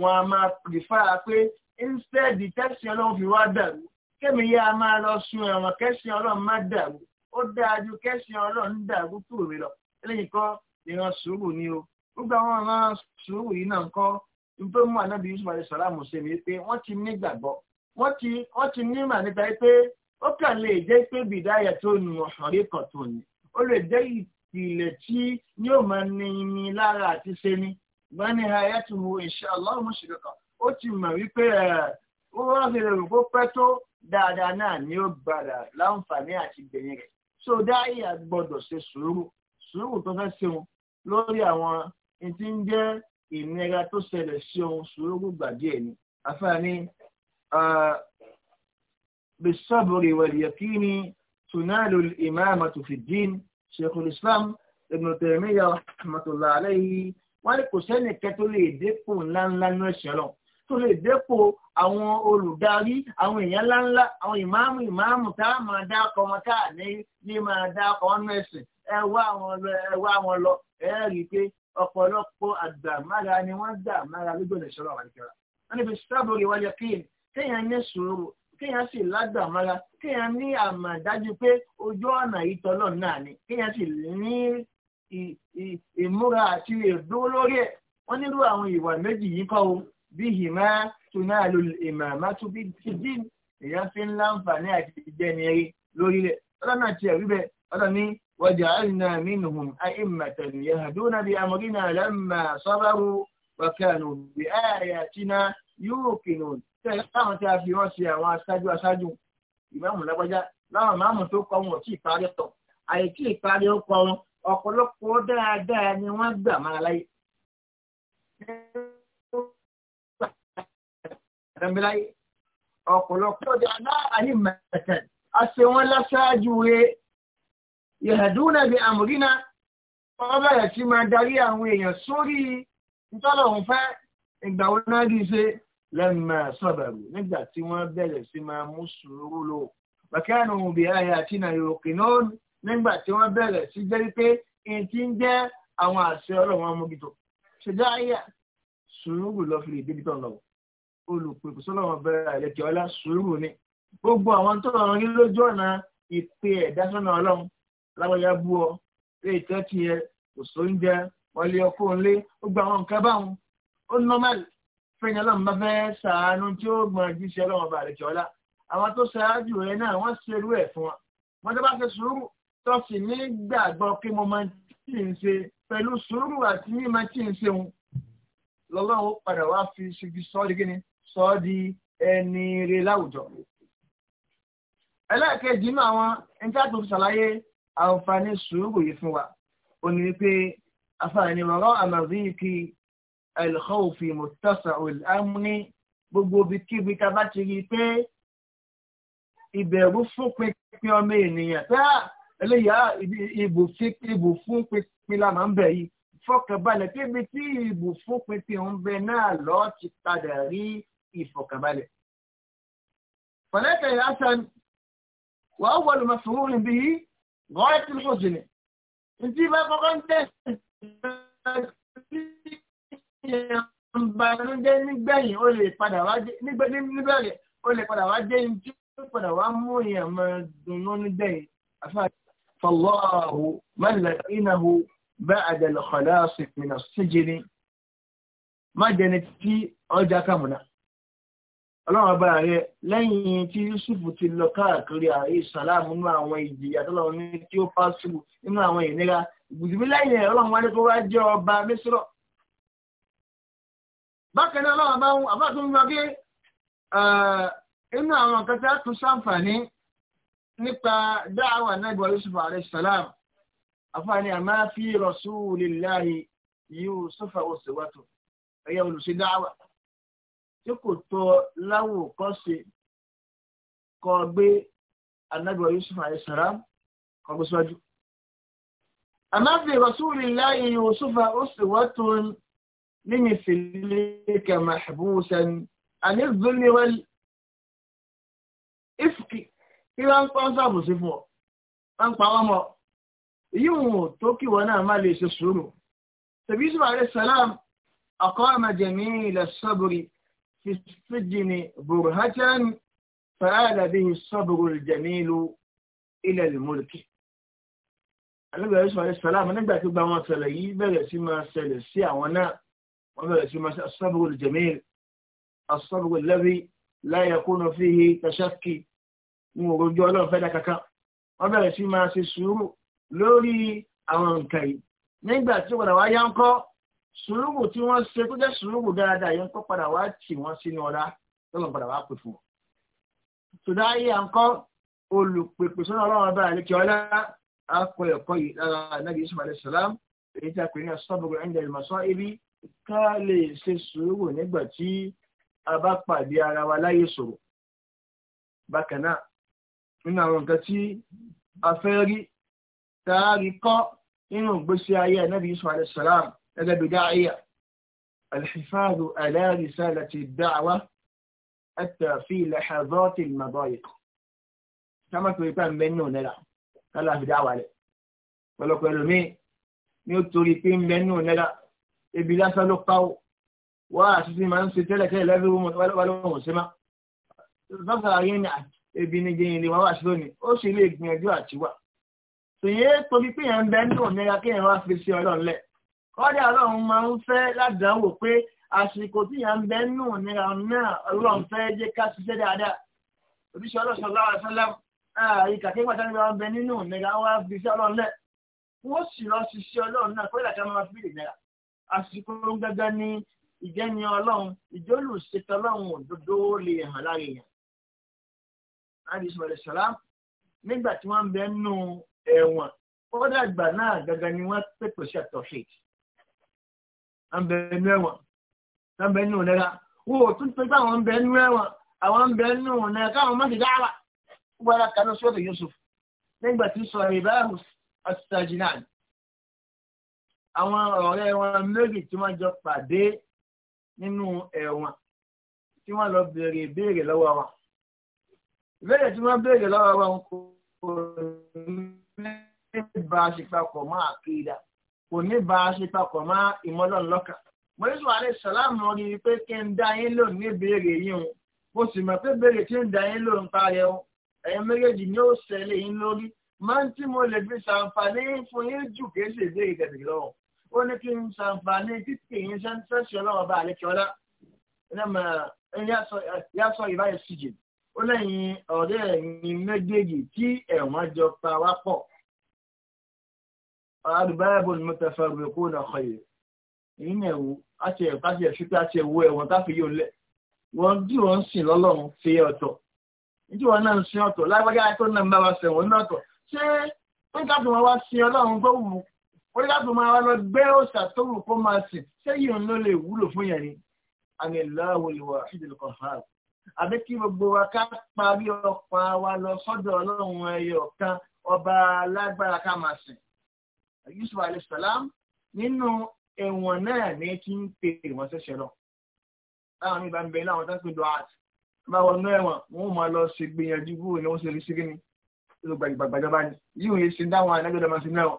wọn a máa pè fá pé instead tẹ́sí ọlọ́run fi wá dàrú kẹ́mi yá a máa lọ sun ẹ̀wọ̀n kẹ́sí ọlọ́run má dàrú ó dáa ju kẹ́sí ọlọ́run dàrú kúrò mi lọ eléyìí kọ́ ìran sùúrù ni o gbogbo àwọn ìran sùúrù yìí náà ń kọ́ nítorí wọ́n mú anábì yusuf alayhi salamu ṣe ni pé wọ́n ti ní gbàgbọ́ wọ́n ti wọ́n ti ní mà nípa pé ó kàn lè jẹ́ pé bìdáyà tó nù ọ̀rẹ́ kan tó ní ó lè jẹ́ ìpìlẹ̀ tí yóò máa ní ní lára àti ṣe ni gbani hayatuhu insha Allah mushrika ó ti mọ̀ wípé ó wá fi rẹ̀ kó pẹ́ tó dáadáa náà ni ó gbàdà láǹfààní àti gbẹ̀yìn rẹ̀ so dáìyà gbọ́dọ̀ ṣe sùúrù sùúrù tó fẹ́ ṣeun lórí àwọn ìtí ń jẹ́ ìnira tó ṣẹlẹ̀ sí ohun sùúrù gbà díẹ̀ ni àfààní bisabri wal yakini tunalu imamatu fi din sheikhul islam ibn taymiya rahmatullahi alayhi wọ́n ní kò sẹ́ni kẹ́tọ́ lè dépò ńláńlá ní ẹ̀sẹ̀ lọ tó lè dépò àwọn olùdarí àwọn èèyàn ńláńlá àwọn ìmáàmù ìmáàmù tá a máa dá ọkọ wọn tá ní ní máa dá ọkọ wọn nú ẹ̀sìn ẹ wá àwọn lọ ẹ wá àwọn lọ ẹ rí i pé ọ̀pọ̀lọpọ̀ àgbà mára ni wọ́n gbà mára lójúọ̀nà ìṣọ́ra àwọn ìkẹrà wọ́n níbi sábòrì wáyé kíyìn kéèyàn ní sùúrù kéèyàn sì lágbà mára kéèyàn ní àmàdájú pé ojú ọ̀nà ìtọ́lọ̀ náà ni si sì ní ìmúra àti èdó lórí ẹ̀ wọ́n nílò àwọn ìwà méjì yìí kọ́ o bí tuná ìmọ̀ àmá bí ti dín èèyàn fi ń láǹfààní àti lórílẹ̀ ọlọ́ni waja'alna minhum a'immatan yahduna bi amrina lamma sabaru wa kanu bi ayatina tí a fi wọ́n ṣe àwọn aṣáájú aṣáájú ìmáàmù lágbájá láwọn máàmù tó kọ́ wọn ò tí parí tọ̀ àyè tí ó kọ́ wọn ọ̀pọ̀lọpọ̀ dáadáa ni wọ́n gbà máa láyé. ọ̀pọ̀lọpọ̀ dáadáa ni mẹ̀tẹ̀ a ṣe wọ́n láṣáájú rẹ̀ yẹ̀dúnà bí àmùrínà wọ́n bẹ̀rẹ̀ sí máa darí àwọn èèyàn sórí ìtọ́lọ̀ òun fẹ́ ìgbà wo náà rí ṣe lẹ́mọ̀ sọ̀bẹ̀rù nígbà tí wọ́n bẹ̀rẹ̀ sí máa mú sùúrù lò bàkẹ́ẹ̀nù bí ayé àti nàìròkè náà nígbà tí wọ́n bẹ̀rẹ̀ sí jẹ́ pé èyí ti ń jẹ́ àwọn àṣẹ ọlọ́run amójútó ṣèjọ́ ayé sùúrù lọ fi débi tán lọ olùpèkùsọ́lọ́run bẹ̀rẹ̀ àlejò ni gbogbo àwọn tó lọ́run rí lójú ọ̀nà ìpè ẹ̀dá lágbàjá bú ọ pé ìtẹ́tì ẹ kò sóúnjẹ wọ́n lé ọkọ ńlé ó gba àwọn nǹkan báwọn ó normal fẹ́yìn ọlọ́run bá fẹ́ sàánú tí ó gbọ́n jíṣẹ́ ọlọ́run ọba àlejò ọlá àwọn tó ṣáájú rẹ náà wọ́n ṣerú ẹ̀ fún wa wọ́n tó bá fẹ́ sùúrù tó sì ní gbàgbọ́ pé mo máa tí ń ṣe pẹ̀lú sùúrù àti ní máa tí ń ṣe wọn lọ́lọ́run ó padà wá fi ṣíbi sọ́ di kíni sọ́ di ẹni rẹ láwùjọ. ẹlẹ́ẹ̀kejì náà àwọn ẹni tí a tó fi ṣàlàyé àǹfààní sùúrù yìí fún wa ó ní wípé àfààní ọ̀rọ̀ àmàríkì àìlùkọ́òfì mọ̀tàṣà òlàmúní gbogbo ibikíbi tá a bá ti rí i pé ìbẹ̀rù fún pínpín ọmọ ènìyàn tá eléyà ìbò fún pínpín la máa ń bẹ̀ yìí ìfọ̀kànbalẹ̀ kébi tí ìbò fún pínpín ń bẹ náà lọ́ọ́ ti padà rí ìfọ̀kànbalẹ̀. فليس يأسا وأول مفعول به gọ́ọ̀rẹ́ tí mo jìnnà ntí bá kọ́kọ́ ń tẹ̀ ìbànújẹ́ nígbẹ̀yìn ó lè padà wá dé níbẹ̀rẹ̀ ó lè padà wá dé ntí ó padà wá mú yẹn mọ́ dùnú nígbẹ̀yìn فالله من لقينه بعد الخلاص من السجن ما جنتي أجاك منه ọlọ́run ọba rẹ lẹ́yìn tí yusufu ti lọ káàkiri ààrẹ ìsàlámù nínú àwọn ìjìyà tọ́lọ́run ní tí ó pa sùn nínú àwọn ìnira ìgbìdìbí lẹ́yìn ẹ̀ ọlọ́run wáyé tó wá jẹ́ ọba mísírọ̀. bákan náà ọlọ́run ọba ń àbá tó ń lọ pé eh, inú àwọn nǹkan tí a tún ṣàǹfààní nípa dáhàwà náà ìbọn yusufu ààrẹ ìsàlámù àfààní àmà fi rasulillahi yusufa uswatu ẹ̀yẹ olùsí dáhàwà tí kò tó láwò kọ́ ṣe kọ́ gbé anábìwá Yusuf àìsàrá kọ́ gbé síwájú. Anábì Rasulillahi Yusufa uswatun li mithlika mahbusan àní zulli wal ifki kí wọ́n ń pa ń sàbòsí fún ọ wọ́n ń pa wọ́n mọ́ yíwọ̀n tó kí wọn náà má lè ṣe sùúrù. Tàbí Yusuf àìsàrá aqama jamila sabri. في السجن برهة فآل به الصبر الجميل إلى الملك Ànábì Yusuf alayhi salam nígbà tí gba wọn ṣẹlẹ̀ yìí bẹ̀rẹ̀ sí máa ṣẹlẹ̀ sí àwọn náà wọ́n bẹ̀rẹ̀ sí máa ṣe as-sabru al-jamil as-sabru alladhi la yakunu fihi ní òrojú ọlọ́run kankan wọ́n bẹ̀rẹ̀ sí máa ṣe sùúrù lórí àwọn nǹkan yìí nígbà tí wọ́n sùúrù tí wọ́n ṣe tó jẹ́ sùúrù dáadáa yẹn ń kọ́ padà wá tì wọ́n sínú ọ̀dá lọ́nà padà wá pè fún wọn. tòdá ayé à ń kọ́ olùpèpè sọ́nà ọlọ́run ọba àlekè ọlá akọ ẹ̀kọ́ yìí lára anábì yusuf alayhisalaam èyí tí a pè ní asọ́bùrù ẹ̀ńdà ìmọ̀sán ibi ká lè ṣe sùúrù nígbà tí a bá pàdé ara wa láyé sọ̀rọ̀. bákan náà nínú àwọn nǹkan tí gẹ́gẹ́ bí dáhìyà alhifadu aláàrísà láti dáwà ẹ̀tà fi ilẹ̀ hazọ́tì madoik sáma tó ipá ń bẹ nínú nẹ́ra kálá fi dáwà rẹ̀ pẹ̀lọpẹ̀ lómi ni ó torí pé ń bẹ nínú nẹ́ra ebi lásán ló pa ó wá àṣìṣe máa ń ṣe tẹ́lẹ̀tẹ́lẹ̀ lẹ́fẹ̀ wọ́n ṣe má sọ́kà ayé ni ebi ni jẹ́yìn lè wọ́n wá sí lónìí ó sì lè gbìyànjú àtiwá tòyẹ́ torí pé yẹn ń bẹ nínú nẹ́ra kéèyàn wá fi sí ọlọ́ọ̀lẹ́ kọ́dà ọlọ́run máa ń fẹ́ ládàáwò pé àsìkò tí yàn ń bẹ nù nira náà ọlọ́run fẹ́ jẹ́ ká ṣiṣẹ́ dáadáa òbíṣẹ́ ọlọ́sọ lára sọ́lá ààrí kàkẹ́ pàtàkì nígbà wọn bẹ nínú nira wọn á fi iṣẹ́ ọlọ́run lẹ̀ wọ́n sì lọ ṣiṣẹ́ ọlọ́run náà kọ́dà ká máa fi ìnira àsìkò gẹ́gẹ́ ní ìjẹ́ni ọlọ́run ìjólùṣètò ọlọ́run òdodo lè hàn lára èèyàn láti ìsọ̀rọ̀ sọ̀rọ̀ nígbà tí wọ́n bẹ nù ẹ̀wọ̀n kọ́dà àgbà náà gẹ́gẹ́ ni wọ́n pèpè sí àtọ̀ṣèkì ń bẹ inú ẹ̀wọ̀n ń bẹ inú ìlera wò ó tún pé káwọn ń bẹ inú ẹ̀wọ̀n àwọn ń bẹ inú ìlera káwọn má ti dára wọ́n ra kanú sọ́dọ̀ Yusuf nígbà tí sọ ìbárahu ọ̀sítàjìnàn àwọn ọ̀rẹ́ wọn méjì tí wọ́n jọ pàdé nínú ẹ̀wọ̀n tí wọ́n lọ béèrè ìbéèrè lọ́wọ́ wọn ìbéèrè tí wọ́n béèrè lọ́wọ́ wọn kò ní bá a ṣe papọ̀ mọ́ àkéèdà kò ní bá a ṣe papọ̀ mọ́ ìmọ́lọ́n lọ́kàn. mọ́lẹ́sù alẹ́ sàlámù rí i pé kí n dá yín lò ní béèrè yín o mo sì mọ̀ pé béèrè tí ń dá yín lò ń parẹ́ o ẹ̀yin méjèèjì ni ó ṣẹlẹ̀ yín lórí máa ń tí mo lè fi ṣàǹfààní fún yín jù kì í ṣe ìbéèrè tẹ̀sí lọ́wọ́ ó ní kí n ṣàǹfààní títí yín sẹ́ńsẹ́sì ọlọ́wọ́ bá àlẹ́ kíọ́lá yásọ ìbáyé síjì ó lẹ́yìn ọ̀rẹ́ ẹ̀yin méjèèjì tí ẹ̀wọ̀n jọ pa wá pọ̀ arbabun mutafarriquna khayr èyí náà wò á ti ẹ̀ káṣí ẹ̀ ṣúpẹ́ á ti ẹ̀ wọ ẹ̀wọ̀n tá fi yóò lẹ̀ wọ́n dì wọ́n ń sìn lọ́lọ́run fi ọ̀tọ̀ nítorí wọn náà ń sin ọ̀tọ̀ lágbájá tó náà ń bá wa sẹ̀wọ̀n náà tọ̀ ṣé wọ́n ká tó máa wá sin ọlọ́run tó wù wọ́n ká tó máa wá lọ gbé òòṣà tó wù kó máa sìn ṣé yìí ń lọ Yusuf alayhi salam nínú ẹ̀wọ̀n náà ní kí ń pè wọ́n ṣẹ̀ṣẹ̀ lọ. Táwọn mi bá ń bẹ láwọn tó ń pè dọ́ àt. Máa wọnú ẹ̀wọ̀n, wọ́n máa lọ ṣe gbìyànjú búrò ni wọ́n ṣe rí sí kí ni. Ìlú gbàgbàgbàjọba ni. Yíò yẹ ṣe dáwọn adájọ́ máa ṣe inú ẹ̀wọ̀n.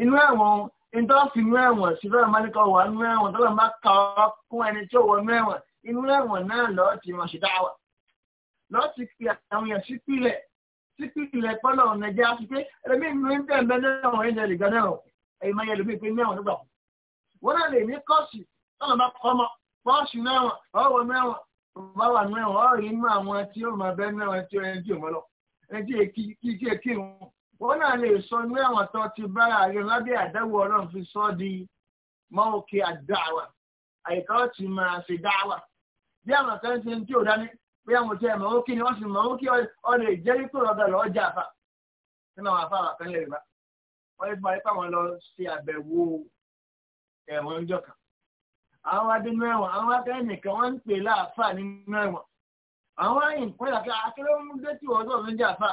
Inú ẹ̀wọ̀n ìtọ́ fi inú ẹ̀wọ̀n sí lọ́rọ̀ máa ní kọ́ wà inú ẹ̀wọ̀n tọ́lọ̀ máa kà ọ́ fún ẹni tí ó wọ inú ẹ̀wọ̀n. Inú ẹ̀wọ̀n náà lọ́ọ́ ti máa ṣe dáwà. Lọ́ọ́ ti fi àwọn èèyàn sí pílẹ̀ títí ilẹ̀ pọ́lọ̀ nàìjíríà á ti pé ẹlòmíì mi ń tẹ̀ mẹ́lẹ́ àwọn ẹ̀jẹ̀ lè gan náà ẹ̀yìn máa yẹ ẹlòmíì pé mẹ́wọ̀n nígbà wọn náà lè ní kọ́ọ̀sì tọ́nà bá kọ́ ọmọ kọ́ọ̀sì mẹ́wọ̀n ọ̀wọ̀ mẹ́wọ̀n bá wà mẹ́wọ̀n ọ̀rìn inú àwọn tí ó máa bẹ́ mẹ́wọ̀n tí ó yẹn tí ò mọ́ lọ ẹni tí èkì wọn náà lè sọ mẹ́wọ̀n tó ti bára àyè lábẹ́ àdáwò ọlọ́run fi sọ́ di mọ́ọ̀kì àdáwà àyíká ó ti máa ṣe dáwà bí pé àwọn tí ẹ mọ̀ ó kí ni wọ́n sì mọ̀ ó kí ọ lè jẹ́ kó lọ́dọ̀ lọ́ọ́ jà fà nínú àwọn afárá kan lè rà wọ́n lè fún ipá wọn lọ ṣe àbẹ̀wò ẹ̀wọ̀n ọjọ́ kan. àwọn adínú ẹ̀wọ̀n àwọn akẹ́kẹ́ nìkan wọ́n ń pè láàfà nínú ẹ̀wọ̀n àwọn àyìn pé àkẹ́ ń dé tí wọ́n sọ̀rọ̀ jà fà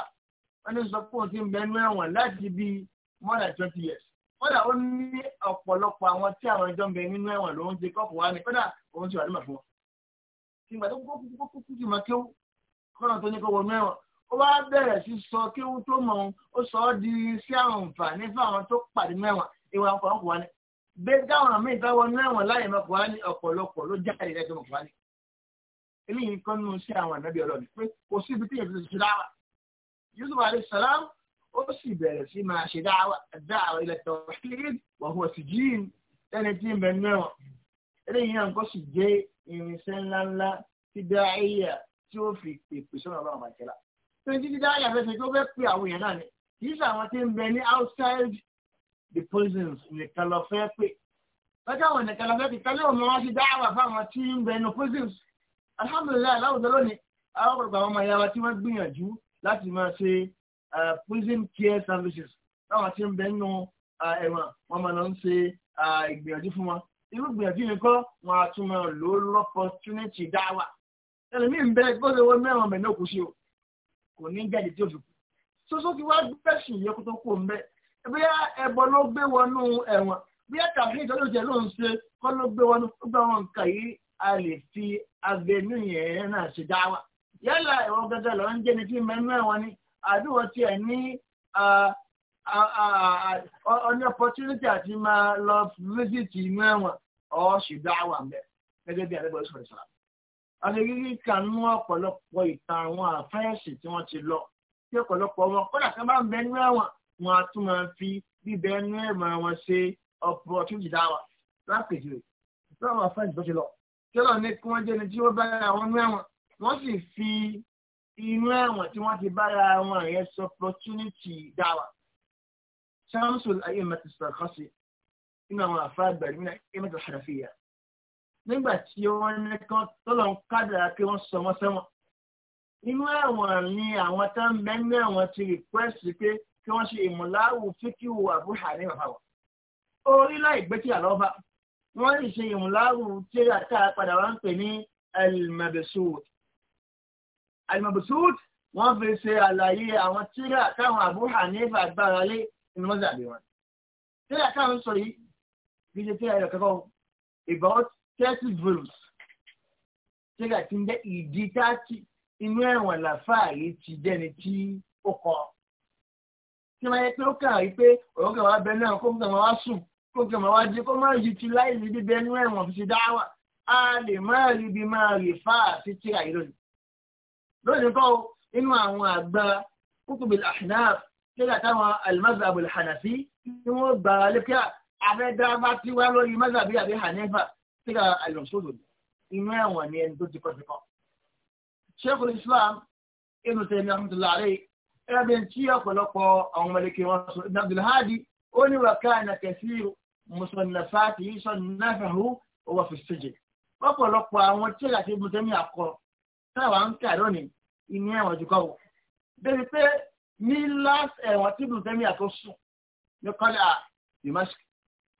wọ́n ní sọ pé òun ti ń bẹ nínú ẹ̀wọ̀n láti bí more twenty years kódà ó ní ọ̀pọ̀lọpọ̀ àwọn tí àwọn ẹjọ́ ń bẹ nínú ẹ̀wọ̀n lòún ti kọ́pù wá ní kódà òun ti wà nímọ̀ fún tí ìgbà tó kúkú kúkú kúkú ti mọ kéwù kọ́nà tó ní kó wọ mẹ́wọ̀n ó wá bẹ̀rẹ̀ sí sọ kéwù tó mọ̀ ọ́n ó sọ ọ́ di iṣẹ́ àǹfààní fáwọn tó pàdé mẹ́wọ̀n ìwà ọkọ̀ ọkọ̀ wa ni bẹ́ẹ̀ dáhùn àmì ìfẹ́ wọnú ẹ̀wọ̀n láyé mọ́kọ̀ wa ní ọ̀pọ̀lọpọ̀ ló jáde rẹ̀ tó mọ̀kọ̀ wa ni eléyìí kan nínú sí àwọn ànábì ọlọ́ọ̀ni pé kò sí ibi tí èyí ti ṣe dáwà yusuf alayhisalaam ó sì irinṣẹ́ ńláńlá tí dáìyà tí ó fi pèpè sọ́nà ọlọ́run àjẹlá. tó ní títí dáìyà fẹ́ ṣe tó fẹ́ pè àwọn èèyàn náà ni kì í ṣe àwọn tí ń bẹ ní outside the prisons nìkan lọ fẹ́ pè. lọ́jọ́ àwọn nìkan lọ fẹ́ pè kálí òun wọn ti dáàwà fáwọn tí ń bẹ ní prisons. alhamdulilayi aláwùjọ lónìí àwọn ọ̀pọ̀lọpọ̀ àwọn ọmọ ìyá wa tí wọ́n gbìyànjú láti máa ṣe prison care services láwọn tí ń bẹ nínú ẹ̀wọ̀n wọn máa lọ ń ṣe ìgbìyànjú fún wọn irúgbìyànjú yìí kọ́ wọn á tún máa lò ó lọ́pọ̀túnìtì dáwà ẹlòmíì ń bẹ gbọ́dọ̀ wọ mẹ́wọ̀n mẹ́lẹ́ òkú ṣe o kò ní jáde tí o fi kú soso ti wá gbẹ́sì yẹ kó tó kó ń bẹ bóyá ẹbọ ló gbé wọnú ẹ̀wọ̀n bóyá tàbí ìtọ́jú ìjẹ́ ló ń ṣe kọ́ ló gbé wọnú ó gbà wọn kà yí a lè fi agbẹnú yẹn náà ṣe dáwà yálà ẹ̀wọ̀n gẹ́gẹ́ lọ ń jẹ́ni tí ọní opportunity àti máa love visit she inú ẹ̀wọ̀n ọ̀ ṣùgbọ́n àwọn àmì gẹ́gẹ́ bí àdébọ̀ ìṣòro ìṣòro. àṣeyírí kanú ọ̀pọ̀lọpọ̀ ìtàn àwọn àfẹ́ẹ̀sì tí wọ́n ti lọ tí ọ̀pọ̀lọpọ̀ wọn kódà kan bá ń bẹ nínú ẹ̀wọ̀n wọn á tún máa fi bíbẹ inú ẹ̀wọ̀n wọn say opportunity That dáwà lápèjì rẹ̀ tí àwọn àfẹ́ẹ̀sì tó ti lọ tí ọ̀nà ní kí wọ́n jẹ́ni tí ó bá àwọn inú ẹ̀wọ̀n wọ́n sì fi inú ẹ̀wọ̀n tí wọ́n ti bára wọn yẹn sọ opportunity dáwà Shamsul Ayyumat Istarkhasi nínú àwọn من nínú Ayyumat Al-Hanafiyya. Nígbà tí wọ́n ní kán tọ́lọ̀ ń kádàá kí wọ́n sọ wọ́n sẹ́wọ̀n. Inú ẹ̀wọ̀n ni àwọn tá ń bẹ ní ẹ̀wọ̀n ti rìkwẹ́sì pé kí wọ́n ṣe ìmúláwù fíkìwù Abu Hanifa fáwọn. Orí láì gbé tí àlọ́ bá. Wọ́n lè ṣe ìmúláwù tí àká padà wá ń pè ní Al-Mabsut. al fi ṣe àlàyé àwọn tíra táwọn Abu Hanifa gbára lé nínú mọ́sí àbí wọn. Tí a káà ń sọ yìí, bí ṣe tí a yọ kẹ́kọ̀ọ́ about thirty volts. Ṣé kà ti ń jẹ́ ìdí táàtì inú ẹ̀wọ̀n làfáà yìí ti jẹ́ni tí ó kọ. Ṣé máa yẹ pé ó kà á yí pé ọ̀rọ̀ kan wá bẹ náà kó nǹkan máa wá sùn kó nǹkan máa wá jí kó máa yí ti láì ní bíbẹ inú ẹ̀wọ̀n fi ṣe dáwà. A lè máa rí bí máa rí fáà sí tíra yìí lónìí. Lónìí kọ́ inú àwọn àgbà kúkúbìlì àṣìnáàf kílà táwọn almazhab alhanafi tí wọ́n gbà lókè àfẹ́dáàbá tí wá lórí mazhab àbí hanifa kílà alùsòdò inú ẹ̀wọ̀n ni ẹni tó ti kọ́ ti kọ́. sheikhul islam ibn taymiyyah rahmatullahi alayhi ẹbí tí ọ̀pọ̀lọpọ̀ àwọn mẹ́lẹ́kẹ́ wọn sọ ibn abdulhadi ó ní wa kana kathiru musannafati sannafahu wa huwa fi sijn ọ̀pọ̀lọpọ̀ àwọn tíra tí ibn taymiyyah àkọ táwa ń kà lónìí inú ẹ̀wọ̀n ti kọ́ wọ. bẹ́ẹ̀ ni pé ní last ẹ̀wọ̀n tí ibùdó tẹ́míà tó sùn ní kọ́lá Dimashq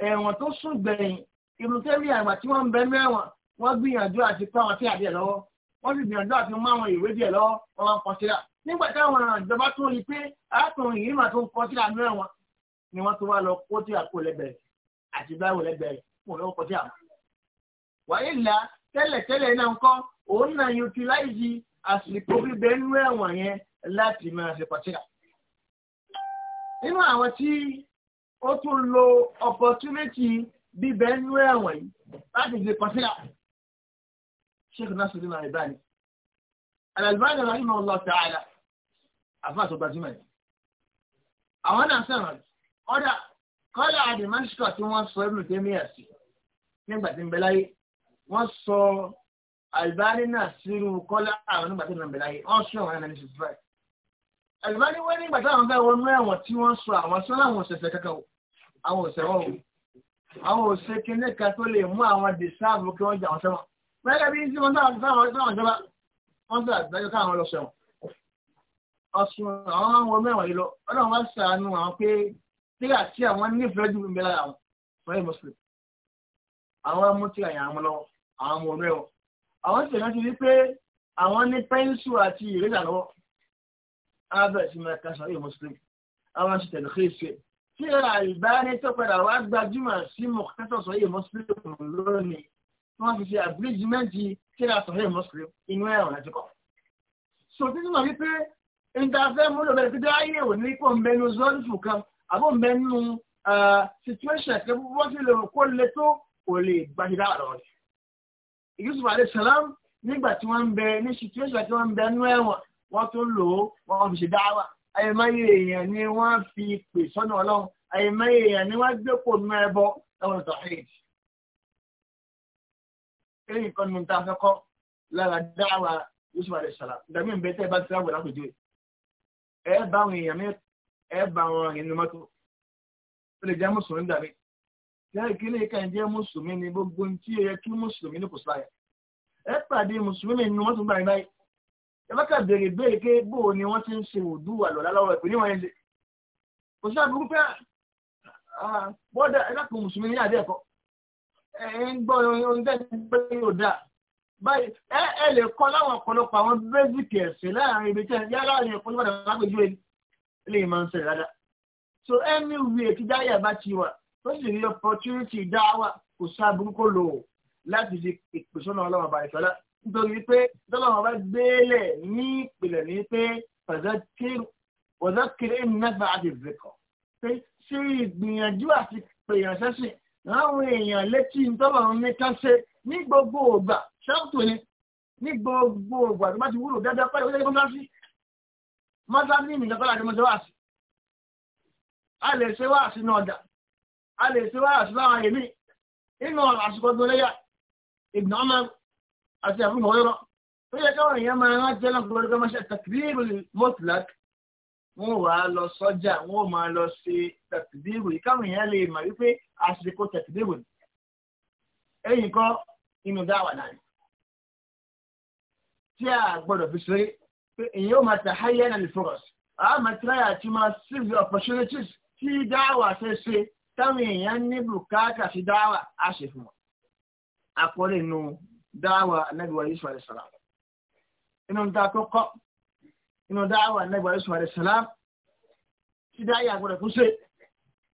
ẹ̀wọ̀n tó sùn gbẹ̀yìn ibùdó tẹ́míà ẹ̀wọ̀n tí wọ́n ń bẹ mẹ́wọ̀n wọ́n gbìyànjú àti pé àwọn tí àdìẹ lọ́wọ́ wọ́n sì gbìyànjú àti mú àwọn ìwé díẹ̀ lọ́wọ́ wọ́n máa ń kọ síra nígbà táwọn ìjọba tó rí pé arákùnrin yìí máa tó ń kọ síra ní ẹ̀wọ̀n ni wọ́n tó wá lọ kó tí àpò lẹ́bẹ̀rẹ̀ àti báwo lẹ́bẹ̀rẹ̀ fún lọ́wọ́ kọ sí àwọn. tẹ́lẹ̀tẹ́lẹ̀ náà ń kọ́ òun náà utilize àsìkò bíbẹ inú ẹ̀wọ̀n yẹn láti máa ṣe pàtíkà. nínú àwọn tí ó tún lo opportunity bíbẹ inú ẹ̀wọ̀n yìí láti ṣe pàtíkà. sheikh nasiru al-Albani al-Albani rahimahullah ta'ala àfáà tó gbajúmọ̀ yìí. àwọn náà sọ̀rọ̀ ọ̀dà kọ́lá àdìmọ́ṣíkà tí wọ́n sọ ẹ̀rù tẹ́míyà sí nígbà tí ń bẹ láyé wọ́n sọ Albani náà sírú kọ́lá àwọn nígbà tó nà bẹ̀rẹ̀ ayé wọ́n sún àwọn ẹ̀nà ní sixty five. Albani wọ́n nígbà táwọn fẹ́ wọnú ẹ̀wọ̀n tí wọ́n sọ àwọn sọ́nà àwọn òṣèṣẹ́ kankan o àwọn òṣèwọ́n o àwọn òṣèṣẹ́ kínní kan tó lè mú àwọn dìsáàbù kí wọ́n jà wọ́n sẹ́wọ̀n. Mẹ́lẹ́ bí sí wọn táwọn táwọn ìjọba wọ́n sọ àgbájọ káwọn lọ sẹ́wọ̀n. Ọ̀sùn àwọn máa ń wọ mẹ́wàá yìí lọ, ọlọ́run wá sàánú àwọn pé tíra tí àwọn àwọn, wọ́n Àwọn mú ọmọ ọ̀rẹ́ àwọn ti rántí wípé àwọn ní pẹ́ńsù àti ìrẹ́jà lọ́wọ́ albert mẹ́ta sọ yóò muslim àwọn ti tẹ̀lé kéèsì tí ẹ̀rọ àìbáni tó padà wá gbajúmọ̀ sí mọ̀kẹ́tọ̀ sọ yóò muslim lónìí wọ́n fi ṣe àbíríjìmẹ́ǹtì tí ẹ̀rọ sọ yóò muslim inú ẹ̀rọ láti kọ́. sọ títí mọ̀ wípé ìtafẹ́ múlò bẹ̀rẹ̀ pé dáyé ò ní kó ń bẹnu zọ́ọ̀lùfù kan àbó ń bẹnu ah, situation kẹ́ bó ti lè kó le tó kò lè gbajúdá àlọ́ rẹ̀. Yusuf alayhi salam nígbà tí wọ́n ń bẹ ní situation tí wọ́n ń bẹ nú ẹ̀wọ̀n wọ́n tó lò ó wọ́n fi ṣe dáwà àyèmáyé èèyàn ni wọ́n fi pè sọ́nà ọlọ́run àyèmáyé èèyàn ni wọ́n gbé pò nú ẹbọ lọ́wọ́ tọ̀hìd. eléyìí kan nù tá a fẹ́ kọ́ lára dáwà Yusuf alayhi salam ìdàgbé ń bẹ tẹ́ ẹ bá ti ráwọ̀ lápèjú ẹ bá àwọn èèyàn mi ẹ bá àwọn lẹ́yìn kí ní ìka ìjẹ́ mùsùlùmí ni gbogbo tí ó yẹ kí mùsùlùmí ní kò sáyà ẹ pàdé mùsùlùmí ni wọ́n tún gbà yín báyìí ẹ bá kà pé bó ni wọ́n ti ń ṣe òdú àlọ́lá lọ́wọ́ ẹ̀pẹ́ níwọ̀n yẹn lè kò sí àbúrú pé ah, bọ́dà ẹ dákun mùsùlùmí ní àdé ẹ̀kọ́ ẹ ń gbọ́ ohun tẹ́ ẹ yóò dà báyìí ẹ ẹ lè kọ́ láwọn ọ̀pọ̀lọpọ̀ àwọn bẹ́sìkì ẹ̀sìn láàrin ibi so ẹni wíwẹ̀ tí dáyà tó sì ní opportunity dáwà kò sá burúkú lò ó láti fi ìpèsòna ọlọ́run ọba ìfẹ́lá nítorí pé tọ́lọ́run ọba gbélé ní ìpìlẹ̀ ní pé pàṣẹkìrì nàgbà àti ìfẹ́kọ̀ pé ṣé ìgbìyànjú àti pèèyàn sẹ́sìn láwọn èèyàn létí tọ́lọ́run ní ká ṣe ní gbogbo ògbà ṣáàtò ni ní gbogbo ògbà tó bá ti wúlò dáadáa pẹ́lú ọjọ́ ìgbọ́n sí mọ́tàbí kọ́lá àti mọ́tàbí wáàsì a lè ṣe wáàsì náà dà عليه سواء أسماء يمين إنه على عصبة دنيا هناك عمر أسياف المغيرة فهي كمان يما نجل نقول كما شاء تكبير المطلق مو والو صجع مو مالو سي تكبير كم يلي ما يفي أسرقو تكبير أي كو إنه دعوة نعم تيا قبل بسري يوم تحيينا للفرص أما ترى تما سيزي أفرشوني تيز في دعوة سيسي سي. táwọn èèyàn ní bùkátà sí dáwà á ṣe fún wọn àkọlé nu dáwà anábìwá yusuf alayisala inú ta kọ́kọ́ inú dáwà anábìwá yusuf alayisala tí dáyà gbọ́dọ̀ kú sí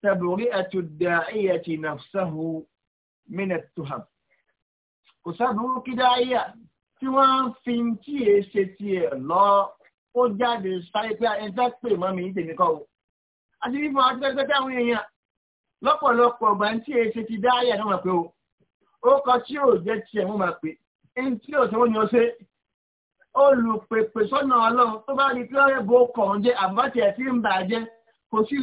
tàbí ẹtù dàáyà ti nàfṣàhù mínà tuham kò sábúrú kí dáyà tí wọ́n fi ń tí èé ṣe tiẹ̀ lọ ó jáde sáré pé ẹni tá pè mọ́ mi kọ́ o àti bí mo àti pẹ́ẹ́pẹ́ táwọn èèyàn lọ́pọ̀lọpọ̀ ọgbà tí e ṣe ti dáyà ní wọn pé o ó kọ tí ò jẹ́ tiẹ̀ wọ́n máa pè ẹni tí ò sọ wọ́n ni ó ṣe olùpèpè sọ́nà ọlọ́run tó bá rí pé ọ̀rẹ́ bó kàn jẹ́ àbátì ẹ̀ tí ń bà jẹ́ kò sí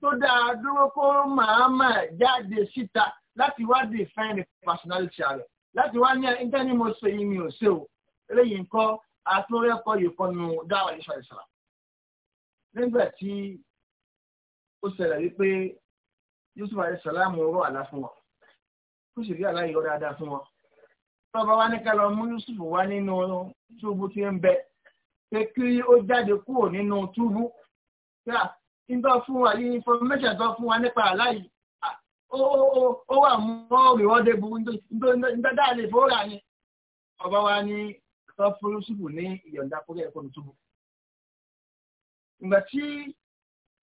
tó dáa dúró kó máa máa jáde síta láti wá defend personality rẹ̀ láti wá ní ẹgbẹ́ ni mo ṣe yìí mi ò ṣe o eléyìí nǹkan àtúrẹ́kọ̀ yìí kan nù dáwà ìṣọ̀rẹ́sọ̀rọ̀ nígbà tí ó ṣẹlẹ̀ wípé yusuf alayhi salam rọ àlá fún wọn ó sì rí àlá yọ dáadáa fún wọn tó bá wá ní ká lọ mú yusuf wá nínú túbú tí ń bẹ pé kí ó jáde kúrò nínú túbú yá nígbà fún wa yìí information tó fún wa nípa àlá yìí ó wà mọ́ reward bu dáadáa lè fowórà ni ọba wa ní sọ fún yusuf ní ìyọ̀ǹda kúrò ẹ̀kọ́ ní túbú ìgbà tí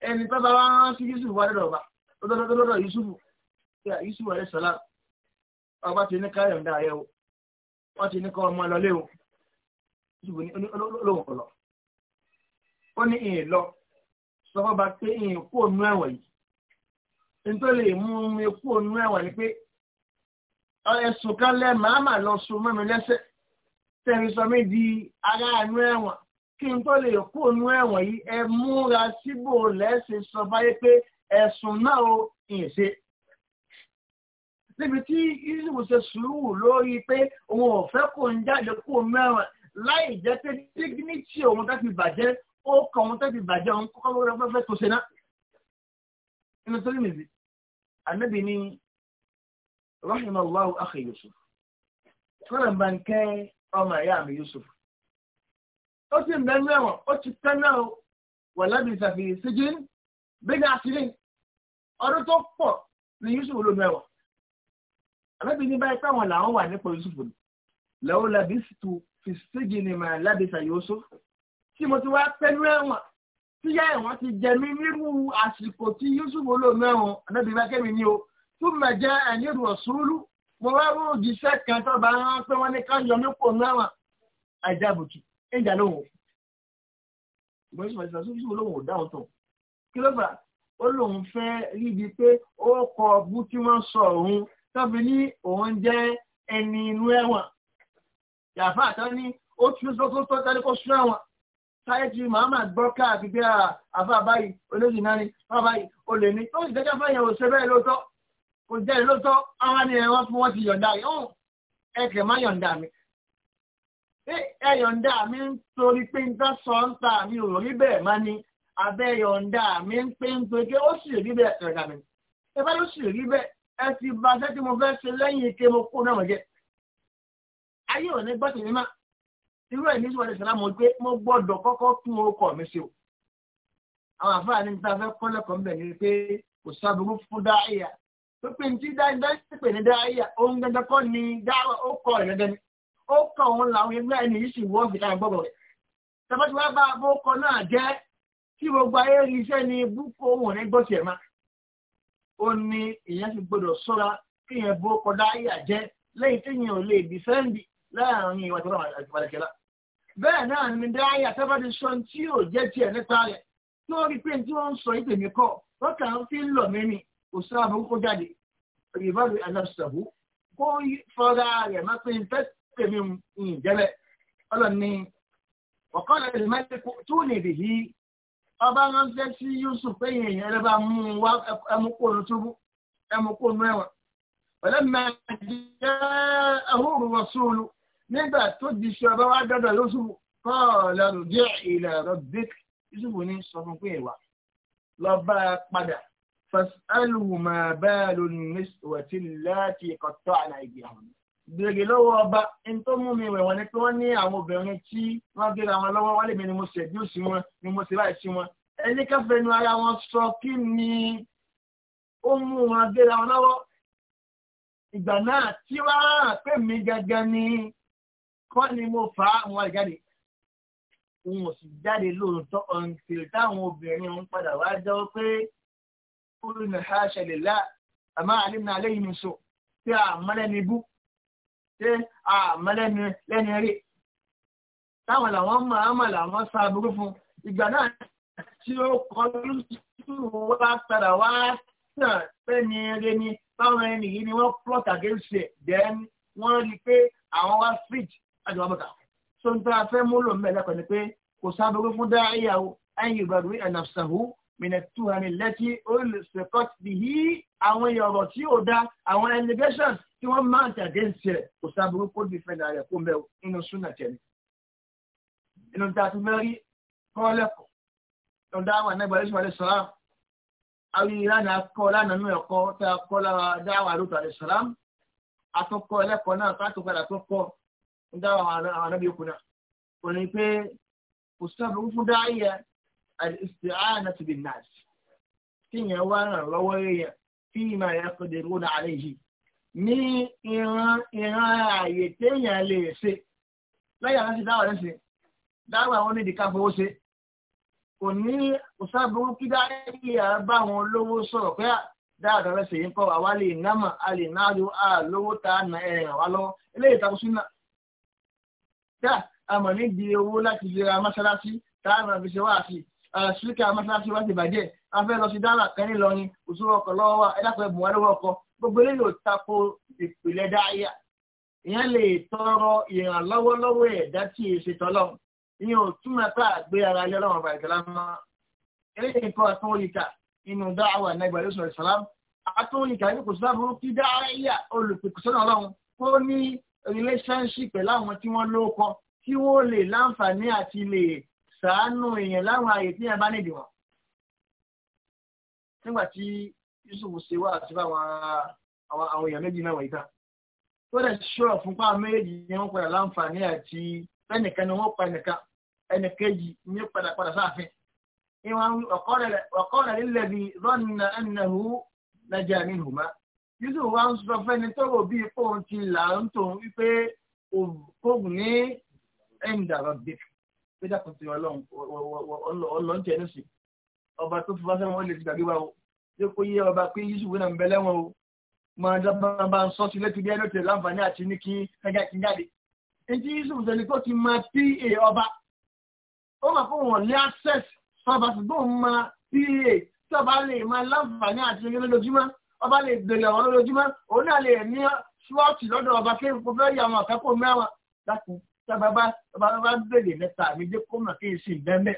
ẹni tó bá wá sí yusuf wá dọ̀dọ̀ ọba ó dọ́dọ́ lọ́dọ̀ Yusufu Yusufu alẹ́ sọ́lá ọba ti ní káyọ̀ dá ayé o wọ́n ti ní kọ́ ọmọ lọ léwu Yusufu ní olóhùn ọ̀lọ́ ó ní ìyìn lọ sọ́kọ́ bá pé ìyìn kú ònú ẹ̀wọ̀n yìí nítorí lè mú mi kú ònú ẹ̀wọ̀n ni pé ẹ̀sùn kan lẹ́ màá mà lọ sùn mọ́ mi lẹ́sẹ̀ tẹ̀mí sọ mí di aráàánú ẹ̀wọ̀n kí n tó lè kú ònú ẹ̀wọ̀n yìí ẹ múra síbò lẹ́sìn sọ fáyé pé ẹ̀sùn náà ó ìyẹn ṣe. níbi tí yusuf ṣe sùúrù lórí pé òun ò fẹ́ kó ń jáde kó mẹ́rin láì jẹ́ pé dignity òun tó fi bàjẹ́ ó kọ òun tó fi bàjẹ́ òun kọ́kọ́ lọ́wọ́ fẹ́ tó ṣe náà. inú tó yìí nìyí ànábì ní rahimallahu akhi yusuf fúnra bá ń kẹ́ ọmọ ìyá mi yusuf ó ti bẹ́ẹ̀ mẹ́wọ̀n ó ti tẹ́ náà wà lábìsàfì síjìn bí ní àtìlẹ́yìn ọdún tó pọ̀ ni Yusuf ló mẹ́wàá àbẹ́bí ní báyìí táwọn làwọn wà nípa Yusuf ni lẹ́wọ́ làbí tu fi ségi ni màá lábẹ́sà Yusuf tí mo ti wá pẹ́nu ẹ̀wọ̀n tí yá ẹ̀wọ̀n ti jẹ mí nírú àsìkò tí Yusuf ló mẹ́wọ̀n àbẹ́bí bá kẹ́mi ní o tó mà jẹ́ àyẹ̀rù ọ̀ṣúrú mo wá rú òjíṣẹ́ kan tó bá rán pé wọ́n ní ká yọ mí pò mẹ́wọ̀n àjàbùtù ẹ̀jà lóhùn ìgbọ̀nsẹ̀ ìgbọ̀nsẹ̀ ó lóun fẹ́ ríbi pé ó kọ ọbú tí wọ́n sọ òun tọ́bi ní òun jẹ́ ẹni inú ẹ̀wọ̀n yàfa àtọ́ ní ó tún sọ́tún tó tẹ́lẹ̀ kó sún ẹ̀wọ̀n táyé tí màmá gbọ́ káàkiri àfa báyìí olóyìn náà ni àfa báyìí olè ní tó ìdájọ́ fẹ́yẹ̀ òṣèré bẹ́ẹ̀ lóòótọ́ kò jẹ́ ìlóòótọ́ àwọn ni ẹ̀wọ̀n fún wọn ti yọ̀ǹda yìí ẹ̀kẹ̀ má yọ̀ǹda mi ẹ̀yọ̀ǹda mi ń torí pé ń tán sọ ń ta mi ò rí bẹ́ẹ̀ má ní abẹ́ yọ̀ǹda mi ń pé ń pe ké ó sì rí bẹ́ẹ̀ ẹ̀ka mi. ẹ bá ló sì rí bẹ́ẹ̀ ẹ ti ba ṣẹ́ tí mo fẹ́ ṣe lẹ́yìn ike mo kó náà mọ̀ jẹ́. ayé ò ní gbọ́sẹ̀ mímá irú ẹ̀ ní sọ́wọ́dẹ̀ sàlámù mo pé mo gbọ́dọ̀ kọ́kọ́ tún orúkọ mi ṣe o. àwọn àfáà ní ta fẹ́ kọ́ lẹ́kọ̀ọ́ mbẹ̀ ni pé kò sábúrú fún dáhìyà pípé ní ti dáhìyà ní dáhìyà ohun dandan kọ́ ni dáhà ó kọ́ ẹ̀ dandan ni ó kọ́ òun làwọn ẹgbẹ́ ẹni yìí sì wọ́ fìlà gbọ́dọ̀ rẹ̀. tàbátí wàá bá abókọ náà jẹ́ tí gbogbo ayé rí iṣẹ́ ni búkọ òun ní gbọ́sẹ̀ ma ó ní ìyẹn ti gbọdọ̀ sọ́ra kí yẹn bó kọdá yà jẹ́ lẹ́yìn tí yẹn ò lè dìfẹ́ǹdì láàrin ìwà tó bá wàlẹ̀kẹ́lá bẹ́ẹ̀ náà ni dá yà sábàdì sọ tí ò jẹ́ tiẹ̀ nípa rẹ̀ tí wọ́n rí pé tí wọ́n ń sọ ìpè mí kọ́ wọ́n kàn fi ń lọ̀ mẹ́ni kò sí àbúrú kó jáde ìbáwí aláṣàbù kó fọ́ra rẹ̀ má pé ń fẹ́ tèmi ń ọba ránṣẹ́ sí Yusuf pé èèyàn ẹlẹ́bà mú un wá ẹmukóònù túbú ẹmukóònù ẹ̀wọ̀n ọ̀lẹ́mà jẹ́ ẹ̀húrù rọ̀ṣúlù nígbà tó di ṣe ọba wá dọ́dọ̀ Yusuf kọ́ lẹ́rù díẹ̀ ilẹ̀ ọ̀rọ̀ bẹ́ẹ̀kì Yusuf ní sọ fún pé ìwà lọ́ba padà fasaluhu bẹ́ẹ̀ lónìí wàtí láti ẹ̀kọ́ tó àná ìgbìyànjú béèrè lọ́wọ́ ọba ẹni tó mú mi wẹ̀wọ̀n ni pé wọ́n ní àwọn obìnrin tí wọ́n gbéra wọn lọ́wọ́ wálé mi ni mo ṣẹ̀dí òsì wọn ni mo ṣe láì sí wọn. ẹni kẹfẹ́ ara wọn sọ kí ni ó mú wọn gbéra wọn lọ́wọ́. ìgbà náà tí wọ́n á pè mí gangan ni kọ́ ni mo fà á wọn jáde. òun ò sì jáde lóòótọ́ ọ̀ǹtì táwọn obìnrin ń padà wá jọ pé olùnàṣà ṣẹlẹ̀ lá àmọ́ àlẹ́ mi àlẹ́ yìí mi sọ pé àmọ́lẹ́ni bú ṣé àmọ́ lẹ́nu lẹ́nu rí táwọn làwọn mọ̀ àmọ́ làwọn sá burú fún ìgbà náà tí ó kọ́ lóṣù wá padà wá sàn pé ní eré ni báwọn ẹni yìí ni wọ́n plot against it then wọ́n rí i pé àwọn wá fridge àti wọ́n bọ̀tà so n ta fẹ́ múlò mẹ́lẹ́kọ̀ọ́ ni pé kò sá burú fún dáhìyàwó ẹ̀yìn ìbàdàn ẹ̀nàfṣàhù mìnàtúhani lẹ́tí olùsèkọ́t bìí àwọn ìyọ̀rọ̀ tí ó dá àwọn allegations tí wọ́n máa ń tàgé ń ṣe kò sábúrú kó di fẹ́ẹ́ rẹ̀ kó mẹ́ inú súnà tẹ̀lé. inú ta fi mẹ́rí kọ́ lẹ́kọ̀ọ́ tó dá àwọn ànágbà yóò sọ̀rọ̀ sọ̀rọ̀ àwọn ìlànà akọ́ lánàá nínú ẹ̀kọ́ tá a kọ́ lára dáwà lóto àlẹ́ sọ̀rọ̀ àtúnkọ́ ẹlẹ́kọ̀ọ́ náà ká tó padà tó kọ́ ń dáwà àwọn ànábì al-isti'anatu bin-nas kí yẹn wá ràn lọ́wọ́ èèyàn fima yaqdiruna alayhi ní ìran ìran ààyè téèyàn lè ṣe lẹ́yìn àwọn ti dáwà lẹ́sìn dáwà wọn nídìí ká fowó ṣe kò ní òṣàbùrú kí dáríyà bá wọn lówó sọ̀rọ̀ pé dáàdà lẹ́sìn yìí ń kọ́ àwa lè námà a lè náàdó a lówó ta na ẹ̀ràn wa lọ́wọ́ eléyìí takò sínú náà àmọ̀ nídìí owó láti lè mọ́ṣáláṣí táwọn Ah, ṣíríkà mọ́ṣáláṣí wá ti bàjẹ́ afẹ́ lọ sí dára kẹ́rin lọ ni òṣùwò ọkọ̀ lọ́wọ́ wa ẹ̀dá pẹ̀lú buhari wọ ọkọ̀ gbogbo eléyìí ò tako ìpìlẹ̀ dáyà ìyẹn lè tọrọ ìrànlọ́wọ́ lọ́wọ́ ẹ̀dá tí ì ṣe tọ́lọ́ ìyẹn ò túmọ̀ pé àgbé ara ilé ọlọ́run ọba ìtàlá mọ́ eléyìí nǹkan ọ̀tún òyìká inú dáhàwà nàgbà yóò sọ̀rọ̀ sàlám relationship pẹ̀lú àwọn tí wọ́n lóko kí wọ́n lè láǹfààní àti ṣàánú èèyàn láwọn ààyè tí èèyàn bá nídìí wọn. nígbà tí Yusuf ṣe wá àti bá àwọn èèyàn méjì náà wọ̀nyí tán tó dẹ̀ ṣọ́ọ̀ fúnpá méjì ni wọ́n padà láǹfààní àti ẹnìkan ni wọ́n pa ẹnìkan ẹnìkejì ni ó padà padà sáàfin. ọ̀kọ́ rẹ̀ lílẹ̀ bíi rọ́nà ẹnìhù lájà nínú ma. Yusuf wa ń sọ fẹ́ni tó wò bíi fóun ti là ń tòun wípé òògùn ní ẹ̀ǹdà rọ̀bìkì pé dàkún sí ọlọ́run ọlọ́run tiẹ̀ nísìn ọba tó fi fásẹ́wọ̀n ó lè ti gbàgbé wa o yóò kó yé ọba pé Yúsúfù náà ń bẹ lẹ́wọ̀n o máa dábàá bá ń sọ sí létí bí ẹni tẹ láǹfààní àti ní kí ẹja ti jáde etí Yúsúfù sẹni kó ti máa pí è ọba ó mà fún wọn ní access sọba ṣùgbọ́n máa pí è sọba lè máa láǹfààní àti ní lójoojúmọ́ ọba lè bèrè ọ̀rọ̀ lójoojúmọ́ òun náà lè ní ṣúọ́ọ̀tì lọ́dọ̀ ọba kéwòn kó fẹ́ yà wọn àkẹ́kọ̀ọ́ mẹ́wàá dákun sábà bá sábà bá bèrè mẹ́ta mi jẹ́ kó mọ̀ kí n sì bẹ́ẹ̀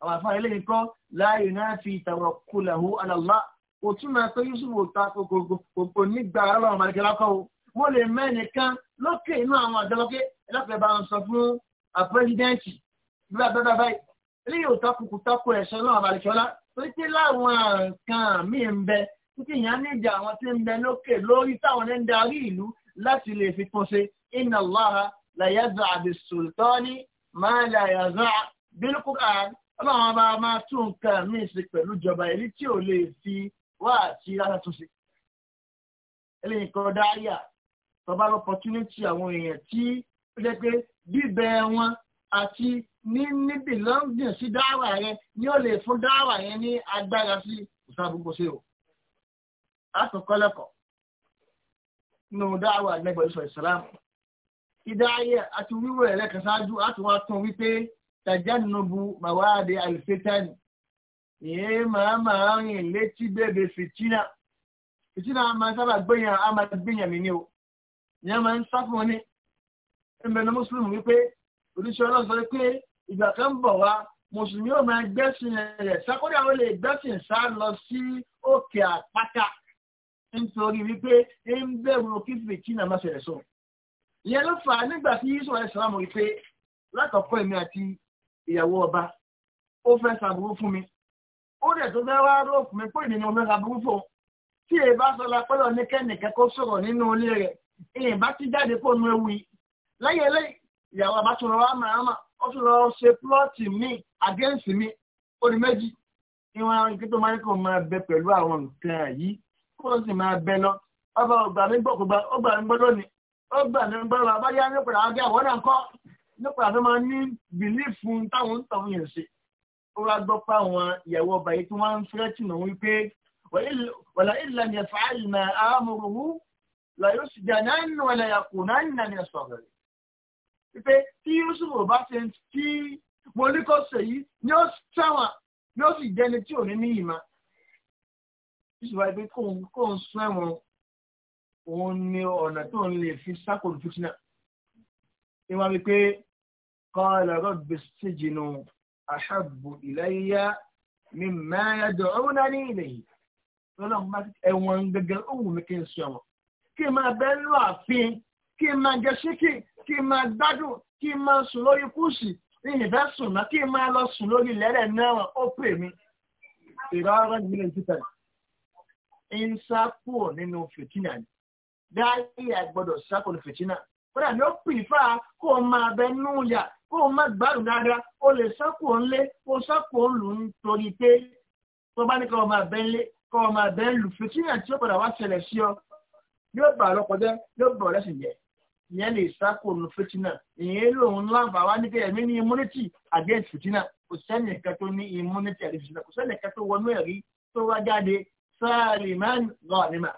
àwọn àfáà ilé nǹkan láàyè náà fi ìtàwọn kúlẹ̀hó alàlá òtún máa pé yusuf ò ta kòkòkò nígbà ọlọ́run àdìgẹ́lákọ́ o mo lè mẹ́rin kan lókè inú àwọn àdìgẹ́lákẹ́ ẹlẹ́fẹ̀ẹ́ bá ń sọ fún àpẹ́sidẹ́ǹtì bíbá bẹ́ẹ̀ báyìí eléyìí ò takùkù takù ẹ̀ṣọ́ náà àbàlẹ̀ṣọ́lá torí pé láwọn nǹkan míì ń bẹ títí ìyá níjà àwọn tí ń bẹ inna Allaha la yaza' bis-sultani ma la yaza' bil-Qur'an ọlọ́run ọba máa tún nǹkan míì sí pẹ̀lú ìjọba èyí tí ò lè fi wá àti rárá tún sí. eléyìí kan dáyà tọba lọ́pọ̀túnítì àwọn èèyàn tí ó jẹ́ pé bíbẹ wọn àti ní níbi lọ́ngìn sí dáwà yẹn ni ó lè fún dáwà yẹn ní agbára sí ìsàbùkù sí o. àkọ́kọ́ lẹ́kọ̀ọ́ nínú dáwà nẹ́gbẹ̀ẹ́ sọ ìsìlámù ìdáyẹ àti wíwọ̀ ẹ̀rẹ́ kan ṣáájú láti wá tún wípé tajannubu mawadi alfitani ìyẹn máa máa rìn létí bèbè fìtínà fìtínà máa sábà gbéyàn á máa gbéyàn mí ní o ìyẹn máa ń sá fún ọ ní ẹnbẹ̀nu mùsùlùmí wípé oníṣẹ́ ọlọ́run sọ pé ìgbà kan ń bọ̀ wá mùsùlùmí yóò máa gbẹ́sìn rẹ̀ sákódà ó lè gbẹ́sìn sá lọ sí òkè àpáta nítorí wípé ń bẹ̀rù kí fìtínà máa ṣẹlẹ̀ sọ̀rọ̀ ìyẹn ló fà á nígbà tí yíṣọ ẹ sàmù wípé látọ̀kọ́ èmi àti ìyàwó ọba ó fẹ́ sàbúrú fún mi ó dẹ̀ tó fẹ́ wá rọ́ọ̀kù mi pé ìnìyàn ọmọ sàbúrú fún un tí èyí bá sọ la pẹ́lú oníkẹ́nìkẹ́ kó sọ̀rọ̀ nínú ilé rẹ̀ èyí bá ti jáde kó nu ewu yìí lẹ́yìn eléyìí ìyàwó ọba tún lọ wá màá mà ó tún lọ ṣe plọ́ọ̀tì mi against mi ó di méjì ìwọ̀n àwọn ìkẹ́tọ̀ máa ń kọ́ máa bẹ pẹ̀lú àwọn nǹkan yìí kó o sì máa bẹ lọ ọba ọgbà mi gbọ́ ó gbà ní bọ́lá bá yá nípa àgẹ́ àwọn náà kọ́ nípa àfi máa ní bìlífù táwọn ń tọ̀hún yẹn ṣe ó wá gbọ́ pé àwọn ìyàwó ọba yìí tí wọ́n ń fẹ́ tì náà wípé wàlá ìlà ni ẹ̀fà àìmọ̀ àmúrúwú làyó sì jà náà nù wàlá yàkù náà nà ní ẹ̀sọ̀ rẹ̀ wípé tí Yusuf bá ṣe tí mo ní kó ṣe yìí ni ó sì òun ni ọ̀nà tó ń lè fi sákòrò fìtínà ní wọ́n wípé qala rabbi sijnu ahabbu ilayya mimma yad'unani ilayhi lọ́lọ́run bá ẹ̀wọ̀n gẹ́gẹ́ òun mi kí n sọ ẹ̀wọ̀n kí n máa bẹ́ẹ̀ lọ àfin kí n máa jẹ ṣíkì kí n máa gbádùn kí n máa sùn lórí kùsì ìyìn fẹ́ sùn náà kí n máa lọ sùn lórí lẹ́rẹ̀ náà nínú fìtínà ni dáhìí àgbọ̀dọ̀ sákòlù fìtínà kódà ni ó pìfà kó o máa bẹ núùyà kó o má gbádùn dáadáa o lè sákò ńlé kó o sákò ńlù nítorí pé tó bá ní kó o máa bẹ ńlé kó o máa bẹ ńlù fìtínà tí ó padà wá ṣẹlẹ̀ sí ọ yóò bà ọ lọ́kọjá yóò bà ọ lẹ́sìn jẹ́ ìyẹn lè sákò ńlù fìtínà ìyẹn lòun láǹfà wá ní kẹyẹmí ní immunity against fìtínà kò sẹ́ni ẹ̀ka tó ní immunity against fìtínà kò sẹ́ni ẹ̀ka tó wọnú ẹ̀rí tó wá jáde sáàlì máa ń gbọ́ ànímà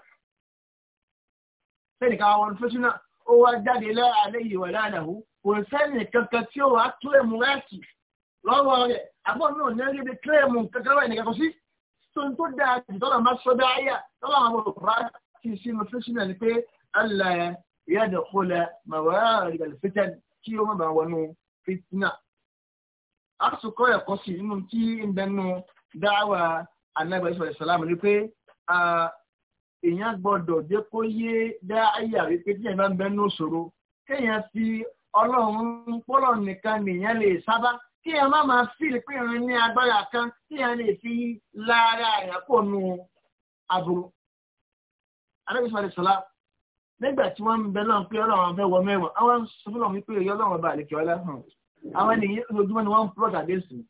sẹ́nìkan àwọn olùfẹ́sùnà ó wá jáde láàlẹ́ ìwà láàlàwó kò sẹ́nì kankan tí ó wá kílẹ̀mù rẹ́ẹ̀kì lọ́wọ́ rẹ̀ àbọ̀ náà ní ẹgbẹ́ bíi kílẹ̀mù kankan rẹ̀ nìkan kò sí. tó ń tó dáa jù tọ́lá máa sọ bá ayà tọ́lá àwọn olùkọ́ra kì í sí olùfẹ́sùnà ni pé alẹ́ yàdọ̀ kọlẹ̀ màwá àrígbàlẹ̀ fẹ́tẹ̀ èèyàn gbọ́dọ̀ jẹ́ kó yé dá ayé àríkè tí èèyàn bá ń bẹ́nu ṣòro kéèyàn fi ọlọ́run pọ́lọ̀ nìkan nìyẹn lè sábà kéèyàn má máa fìlì pé ìrìn ní agbára kan kéèyàn lè fi lára èèyàn kò nu aburú. alábìsọ̀ àti sọlá nígbà tí wọ́n ń bẹ náà pé ọlọ́run àwọn fẹ́ wọ mẹ́wọ̀n àwọn sọ fún mi pé èyí ọlọ́run ọba àlekè ọlá hàn àwọn ènìyàn lójúmọ́ ni wọ́n ń plọ́t àdéhùn.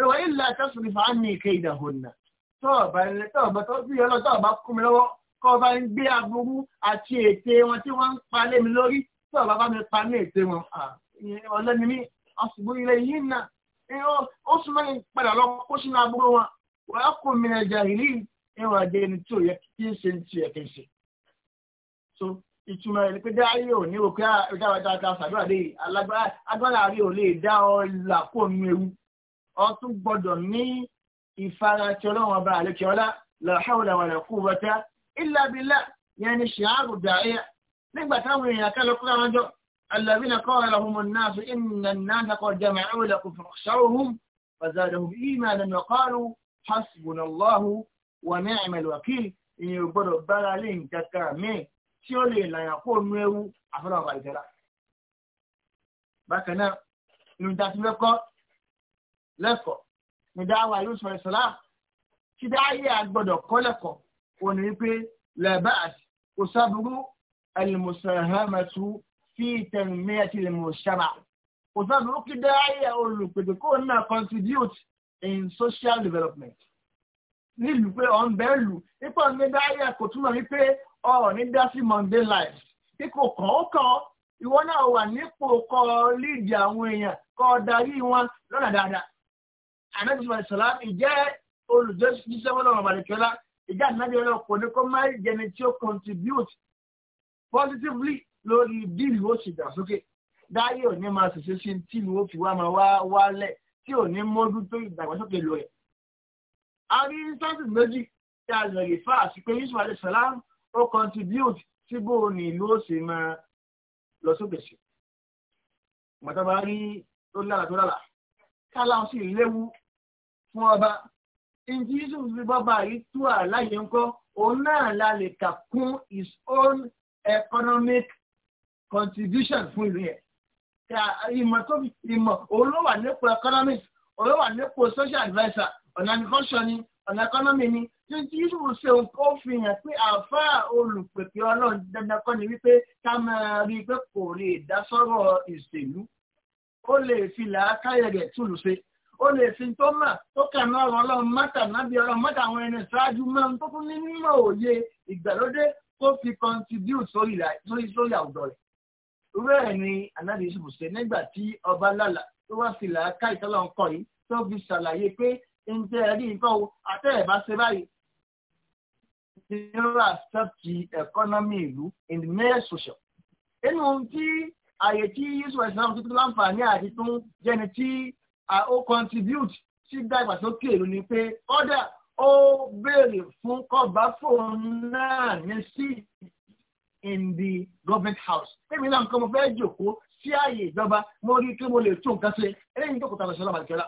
ìwà ilẹ̀ àtẹ́sùn ìfà á ní ìkéyìdà hùn náà tọ́ọ̀bà ilẹ̀ tọ́ọ̀bà tọ́ọ̀bà kún mi lọ́wọ́ kọba ń gbé aburú àti ète wọn tí wọ́n ń pa lémi lórí tí ọba bá mi pa ní ète wọn ọlọ́ni mi ọ̀sùnbùn ilé yìí nà ó súnmọ́ ní padà lọ kó sínú aburú wọn wọ́n á kó mi nàìjà ìlú ìwà jẹ́ ẹni tí ò yẹ kí n ṣe ti ẹ̀kẹ́ ṣe. so ìtumọ̀ ẹni pé dáyé ò ní òkè àdáadáa sàdúrà dé agbára rí ò lè dá ọ là kó nu ewu ọ tún gbọdọ̀ ní ìfarati ọlọ́run ọba àlekè ọlá la hawla wala quwwata إلا بالله يعني الشعار الداعية نقبل تأمر إلى كان لقنا الذين قال لهم الناس إن الناس قد جمعوا لكم فاخشوهم فزادهم إيمانا وقالوا حسبنا الله ونعم الوكيل إن ò gbọ́dọ̀ تكامي شولي لا يقول ميو tí ó بكنا làyà لك لك ewu يوسف عليه السلام náà inú dàtí wọn ni pé labat kò sábúrú alimusahamatu fi tanmiyati limusama kò sábúrú kí dáhàyà olùpèsè kó náà contribute in social development nílùú pé ọ̀ ń bẹ́ẹ̀ lù nípa ní dáhàyà kò túmọ̀ wípé ọ̀ ní dá sí monday life kíkò kàn ó kàn ìwọ náà wà nípò kọ líìdì àwọn èèyàn kọ darí wọn lọ́nà dáadáa ànábìsọ̀rọ̀ ìsọ̀lá ìjẹ́ olùjẹ́síṣẹ́ ìjà ìnáde ọlọ́pọ̀ ní kó má jẹni tí ó contribute positively lórí bíìlì ó sì dà sókè dáyé ò ní máa ṣèṣe sí tíìlù ó fi wá máa wá wálẹ̀ tí ò ní mójú tó ìdàgbàsókè lọ rẹ̀. a rí instances méjì tí a lè rí fáà sí pé yusuf alayhisalaam ó contribute sí bó ní ìlú ó sì máa lọ sókè sí. mọ̀tàbá rí tó lára tó lára kálá sí léwu fún ọba njí yusuf fi bọ́ba yìí tú àláyé ńkọ́ òun náà la lè kà kún his own economic contribution fún ìlú yẹn ka ìmọ̀ tó fi ìmọ̀ òun ló wà nípò economics òun ló wà nípò social adviser ọ̀nà agriculture ni ọ̀nà economy ni tí tí yusuf ṣe ó fi hàn pé àáfàá olùpèpè ọlọ́run dandan kọ́ ni wípé ká máa rí i pé kò lè dá sọ́rọ̀ ìṣèlú ó lè fi làákàyè túlù ṣe ó lè fi tó mà tó kànú ọ̀rọ̀ ọlọ́run mọ́tà nábì ọlọ́run mọ́tà àwọn ẹni ṣáájú mọ́run tó tún ní mímọ̀ òye ìgbàlódé tó fi contribute sórí sórí àwùjọ rẹ̀. bẹ́ẹ̀ ni anábì Yusuf ṣe nígbà tí ọba lálà tó wá sí làákà ìtọ́lọ̀ ń kọ́ yìí tó fi ṣàlàyé pé ń tẹ́ ẹ rí nǹkan o àtẹ́ bá ṣe báyìí. Nigeria accept ó contribute sí dàgbàsókè ìlú ni pé kọ́dà ó béèrè fún kọ́ba fóun náà ní sí in the government house èmi náà nǹkan mo fẹ́ jòkó sí ààyè ìjọba mo rí kí mo lè tún nǹkan ṣe eléyìí tó kò tàbí ṣọlá màdìkẹ́lá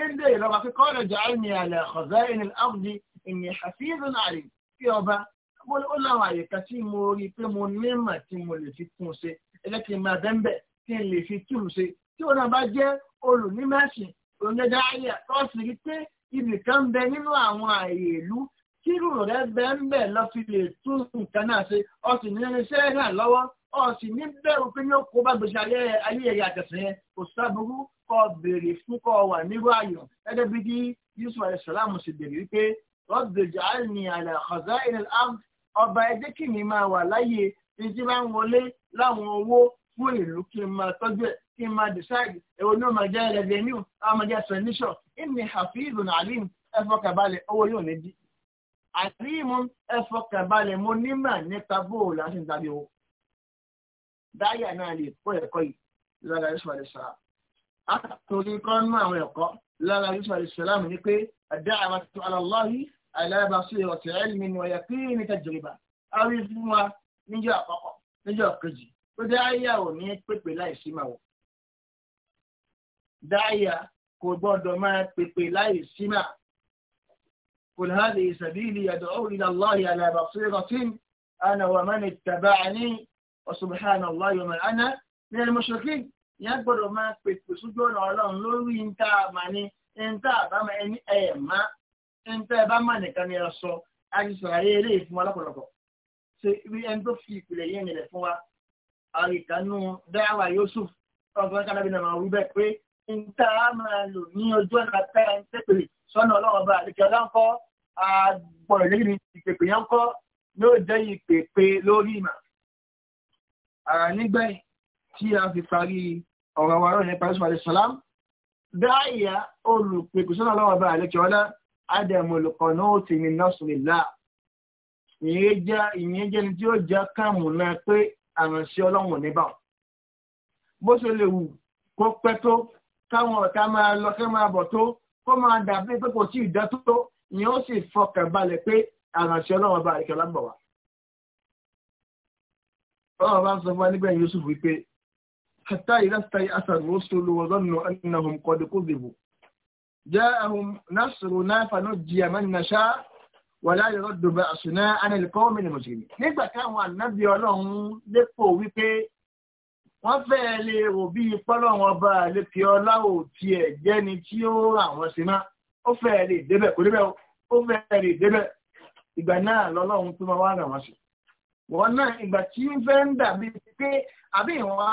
ilé ìlọba fi kọ́ọ̀dà jà á ní àlẹ́ ọ̀gá ẹni àbùdí ìyẹn àfihàn àrè kí ọba ó láwọn àyè kan tí mo rí pé mo ní mà tí mo lè fi kún un ṣe ẹ jẹ́ kí n máa bẹ́ńbẹ́ kí n lè fi túrù ṣe tí òun náà bá jẹ́ olùmímẹ̀sìn onídàá ayé tọ́sí rí pé ibìkan bẹ nínú àwọn ààyè ìlú tírù rẹ bẹ ń bẹ lọ fi lè tún nǹkan náà ṣe ọ̀sìn ní irinṣẹ́ náà lọ́wọ́ ọ̀sìn ní bẹ̀rù pé ní ó kó bá gbèsè ayé ayé ẹ̀yà àtẹ̀sìn yẹn kò sábúrú kọ béèrè fún kọ wà nírú àyàn gẹ́gẹ́ bí kí Yusuf alayisalaam sì béèrè wípé rọ́bìjà ni àlẹ́ ọ̀zá ilẹ̀ ọba ẹ̀jẹ̀ kìíní máa wà láyé títí bá ń wọlé láwọn owó fún ìlú kí n máa tọ́jú ẹ̀ kí n máa decide èwo ni ó máa jẹ́ revenue á máa jẹ́ transition ìní hafizun alim ẹ fọkàn balẹ̀ owó yóò ní bí. àlímù ẹ fọkàn balẹ̀ mo nímọ̀ nípa bóòlù láti ń dábí owó. dáyà náà lè kó ẹ̀kọ́ yìí lára yusuf alayisalaam. àtàkùnrin kan nú àwọn ẹ̀kọ́ lára yusuf alayisalaam ni pé ad-da'watu ala Allahi ala basirati ilmin wa tó dáyà ò ní pèpè láìsí màwọ dáyà kò gbọ́dọ̀ máa pèpè láìsí mà qul hadhihi sabili ad'u ila Allahi ala basiratin ana wa man ittaba'ani wa subhanallahi wa ma ana min al-mushrikin ìyẹn gbọ́dọ̀ máa pèpè sójú ọ̀nà ọlọ́run lórí níta àmàní níta àbámọ̀ ẹni ẹ̀ẹ̀má níta ẹ̀ bá mà nìkan ni ẹ sọ a sọ̀rọ̀ ayé eré ìfún wa lọ́pọ̀lọpọ̀ àríkánú dáhàwá Yusuf ọ̀gbọ́n kálábí náà máa wí bẹ́ẹ̀ pé ń tá a máa lò ní ojú ọ̀nà táyà ń tẹ̀pẹ̀lẹ̀ sọ́nà ọlọ́run ọba àdìkẹ́ ọlá ń kọ́ àgbọ̀rọ̀ lẹ́yìn ìpèpè yẹn ń kọ́ yóò jẹ́ ìpèpè lórí ìmọ̀. àrà nígbẹ̀yìn tí a fi parí ọ̀rọ̀ wa rọ̀ nípa Yusuf alayhi salam dáìyà olùpèpè sọ́nà ọlọ́run ọba àdìkẹ́ ọlá ádámù olùkọ́nà ó ti ní nọ́ọ̀sì nílá ìyẹn jẹ́ ìyẹn jẹ́ ni tí ó jẹ́ káàmù náà pé àrànṣe ọlọ́run ò bó ṣe lè wù kó pẹ́ tó káwọn ọ̀tá máa lọ kí máa bọ̀ tó kó máa dàbí pé kò sí ìdán tó ìyẹn ó sì fọkàn balẹ̀ pé àrànṣe ọlọ́run ọba àríkẹ́ lágbọ̀ wá. ọlọ́run bá ń sọ fún wa nígbà Yusuf wípé حتى إذا استيأس الرسل وظنوا أنهم قد كذبوا جاءهم نصرنا فنجي من نشاء wàlá yọrọ dùbà àṣùnà anìlẹkọ mìíràn mùsùlùmí nígbà táwọn ànábì Ọlọ́run lépò wípé wọ́n fẹ́ẹ́ lè rò bí pọlọrun ọba àlepẹ ọlá ò tiẹ̀ jẹni tí ó rà wọn sí má ó fẹ́ẹ́ lè débẹ̀ kò débẹ̀ ó fẹ́ẹ́ lè débẹ̀ ìgbà náà lọ́lọ́run tó máa wá rà wọn sí wọn náà ìgbà tí ń fẹ́ ń dàbí pé àbí ìwọn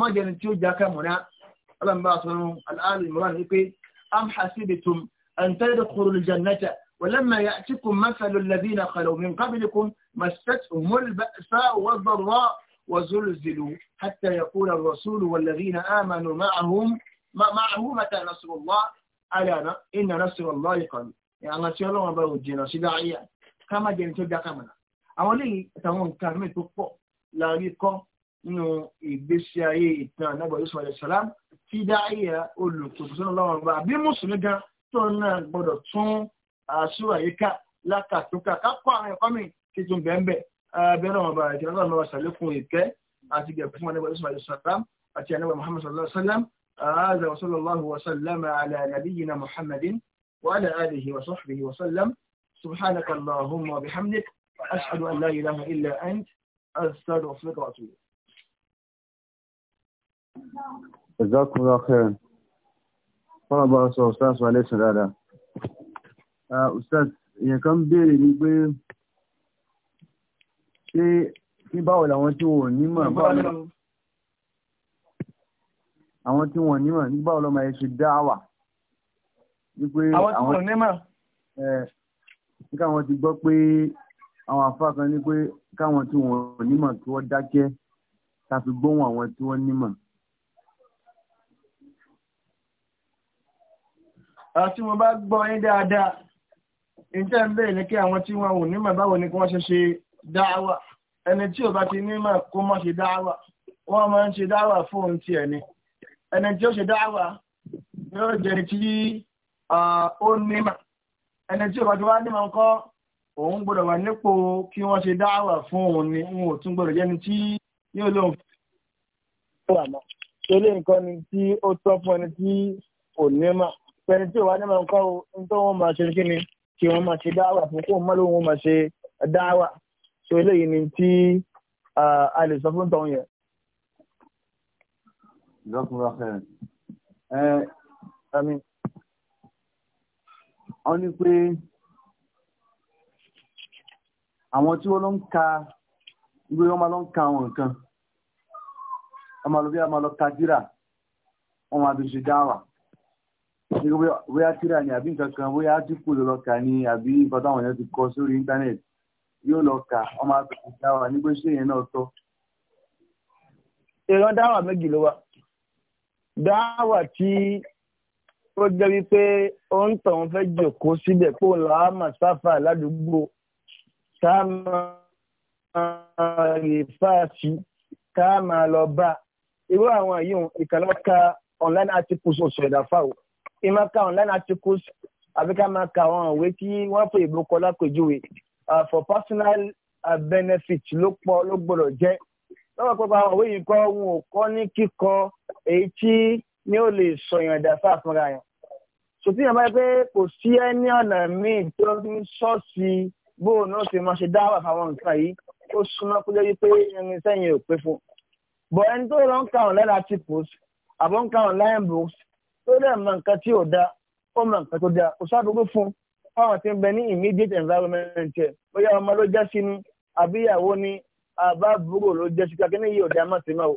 alọlọrun máa ọlọ́run bá sọ̀rọ̀ aláàlú أم حسبتم أن تدخلوا الجنة ولما يأتكم مثل الذين خلوا من قبلكم مستهم البأساء والضراء وزلزلوا حتى يقول الرسول والذين آمنوا معهم معه متى نصر الله ألا إن نصر الله قريب يعني نصر الله بلو الجنة شداعية كما جنت دقمنا أولي تمون كامل تقو لا إنه بسيا إيه نبى يسوع عليه السلام في داعية أولو كفسنا الله ما بي مسلمة تونا بدو تون سوا يكا لكا توكا كفوا من قومي كتوم بيمبى بينا ما بعد الله ما بسالي فون يكا أتيجي بسم الله يسوع عليه السلام أتيجي نبى محمد صلى الله عليه وسلم هذا وصلى الله وسلم على نبينا محمد وعلى آله وصحبه وسلم سبحانك اللهم وبحمدك أشهد أن لا إله إلا أنت أستغفرك وأتوب Jazakumullahu khairan. Fọ́nà bá sọ Ustaz wa lẹ́sìn dáadáa. Ustaz, èèyàn kan béèrè ní pé ṣé kí báwo làwọn tí wọ́n ní mọ̀ àwọn tí wọ́n ní mọ̀ ní báwo lọ́mọ ẹ̀ ṣe dáwà. Àwọn tí wọ́n ní mọ̀ káwọn ti gbọ́ pé àwọn àfáà kan ní pé káwọn tí wọ́n nímọ̀ kí àti wọn bá gbọ́ yín dáadáa ìjẹ́ ń bẹ́ẹ̀ ní kí àwọn tí wọn ò nímọ̀ báwo ni kí wọ́n ṣe ṣe dáwà ẹni tí ò bá ti nímọ̀ kó má ṣe dáwà wọ́n máa ń ṣe dáwà fóun tiẹ̀ ni ẹni tí ó ṣe dáwà yóò jẹ́ tí ó nímọ̀ ẹni tí ò bá ti wá nímọ̀ ńkọ́ òun gbọ́dọ̀ wà nípò kí wọ́n ṣe dáwà fún òun ni òun ò tún gbọ́dọ̀ jẹ́ni tí yóò lóun fún òun àmọ́ torí tí ó nímọ̀ pẹ̀lú tí ìwà nímọ̀ nǹkan o nítorí wọn máa ṣe kí ni kí wọn máa ṣe dáwà fún kó mọ́lò wọn máa ṣe dáwà so eléyìí ni tí a lè sọ fún tọ̀hún yẹn. lọ́kùnrin ọ̀fẹ́ ẹ̀ ẹ̀ wọ́n ní pé àwọn tí wọ́n lọ ń ka ìwé wọn máa lọ ń ka àwọn nǹkan ọmọ àlùbí àwọn ọmọ lọ ka jíra wọn máa fi ṣe dáwà bóyá tíra ni àbí nǹkan kan bóyá dípò ló lọ kà ní àbí nǹkan táwọn èèyàn ti kọ sórí íńtánẹ́ẹ̀tì yóò lọ kà wọ́n máa tó dá wa ní pé ṣé èèyàn náà tọ́. ìran dáwà méjì ló wà dáwà tí ó jẹ́ wípé ó ń tàn fẹ́ jòkó síbẹ̀ pé òun làá mà sáfà ládùúgbò tá a máa rè fáàsì tá a máa lọ bá irú àwọn yìí ìkànnì wọn ka online articles ọ̀sọ̀ ẹ̀dá fáwọn ìmọ̀ ka online articles àbí ká máa ka àwọn ìwé tí wọ́n fò ìbò kọ́ lápèjúwe ah, for personal ah, benefit ló pọ̀ ló gbọ́dọ̀ jẹ́ lọ́wọ́ pẹ́pẹ́ àwọn ìwé yìí kọ́ wọn ò kọ́ ní kíkọ èyí tí ni ó lè sọ̀yàn dàfà fúnra yàn sòtún yàrá pé kò sí ẹni ọ̀nà míì tó ń ṣọ́ọ̀ṣì bóun náà ti máa ṣe dáwà fáwọn nǹkan yìí ó súnmọ́ kó lórí pé irinṣẹ́ yẹn ò pé fún bọ̀ ẹni tó lọ ń ka online articles àbọ̀ ń ka online books tó dẹ̀ mọ nǹkan tí ò da ó mọ nǹkan tó da kò sádùúgbò fún fáwọn tí ń bẹ ní immediate environment ẹ̀ bóyá ọmọ ló jẹ́ sí ni àbíyàwó ni àbá àbúrò ló jẹ́ sí kakíní yìí ò da má sí máa o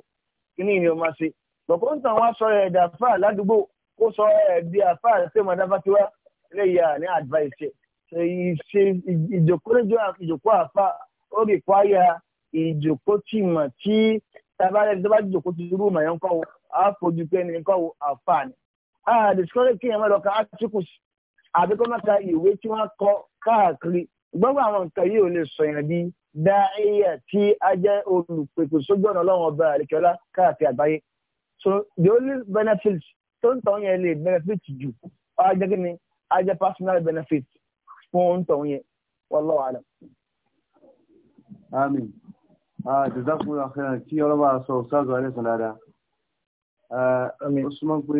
kíní yìí ni ó máa ṣe bọ̀kọ́ ń tàn wá sọ ẹ̀ fáà ládùúgbò kó sọ ẹ̀ àfáà ṣé mo dábàá tiwa eléyà ní advice ẹ̀ ṣe ìjòkó níjọ́ ìjòkó àfáà ó rí kwaya ìjòkó tì mọ̀ tí tabalẹ̀ tó bá jòkó ti rú mọ̀ yẹn kọ́ wo pé ẹni kọ́ wo àfáà ni a discourage kí ẹ máa lọ ka articles àbí kọ́ máa ka ìwé tí wọ́n kọ káàkiri gbọ́dọ̀ àwọn nǹkan yìí ò lè sọ̀yàn bí dáìyà tí a jẹ́ olùpèpè sójú ọ̀nà ọlọ́run ọba àríkẹ́lá káàkiri àgbáyé so the only benefit tó ń tàn yẹn lè benefit jù ajẹ́ kí ni ajẹ́ personal benefit fún ohun tàn yẹn Ah, alam. àmín jazakumullahu khairan kí ọlọ́ba sọ ṣáàzù alẹ́ sàn dáadáa ó pé.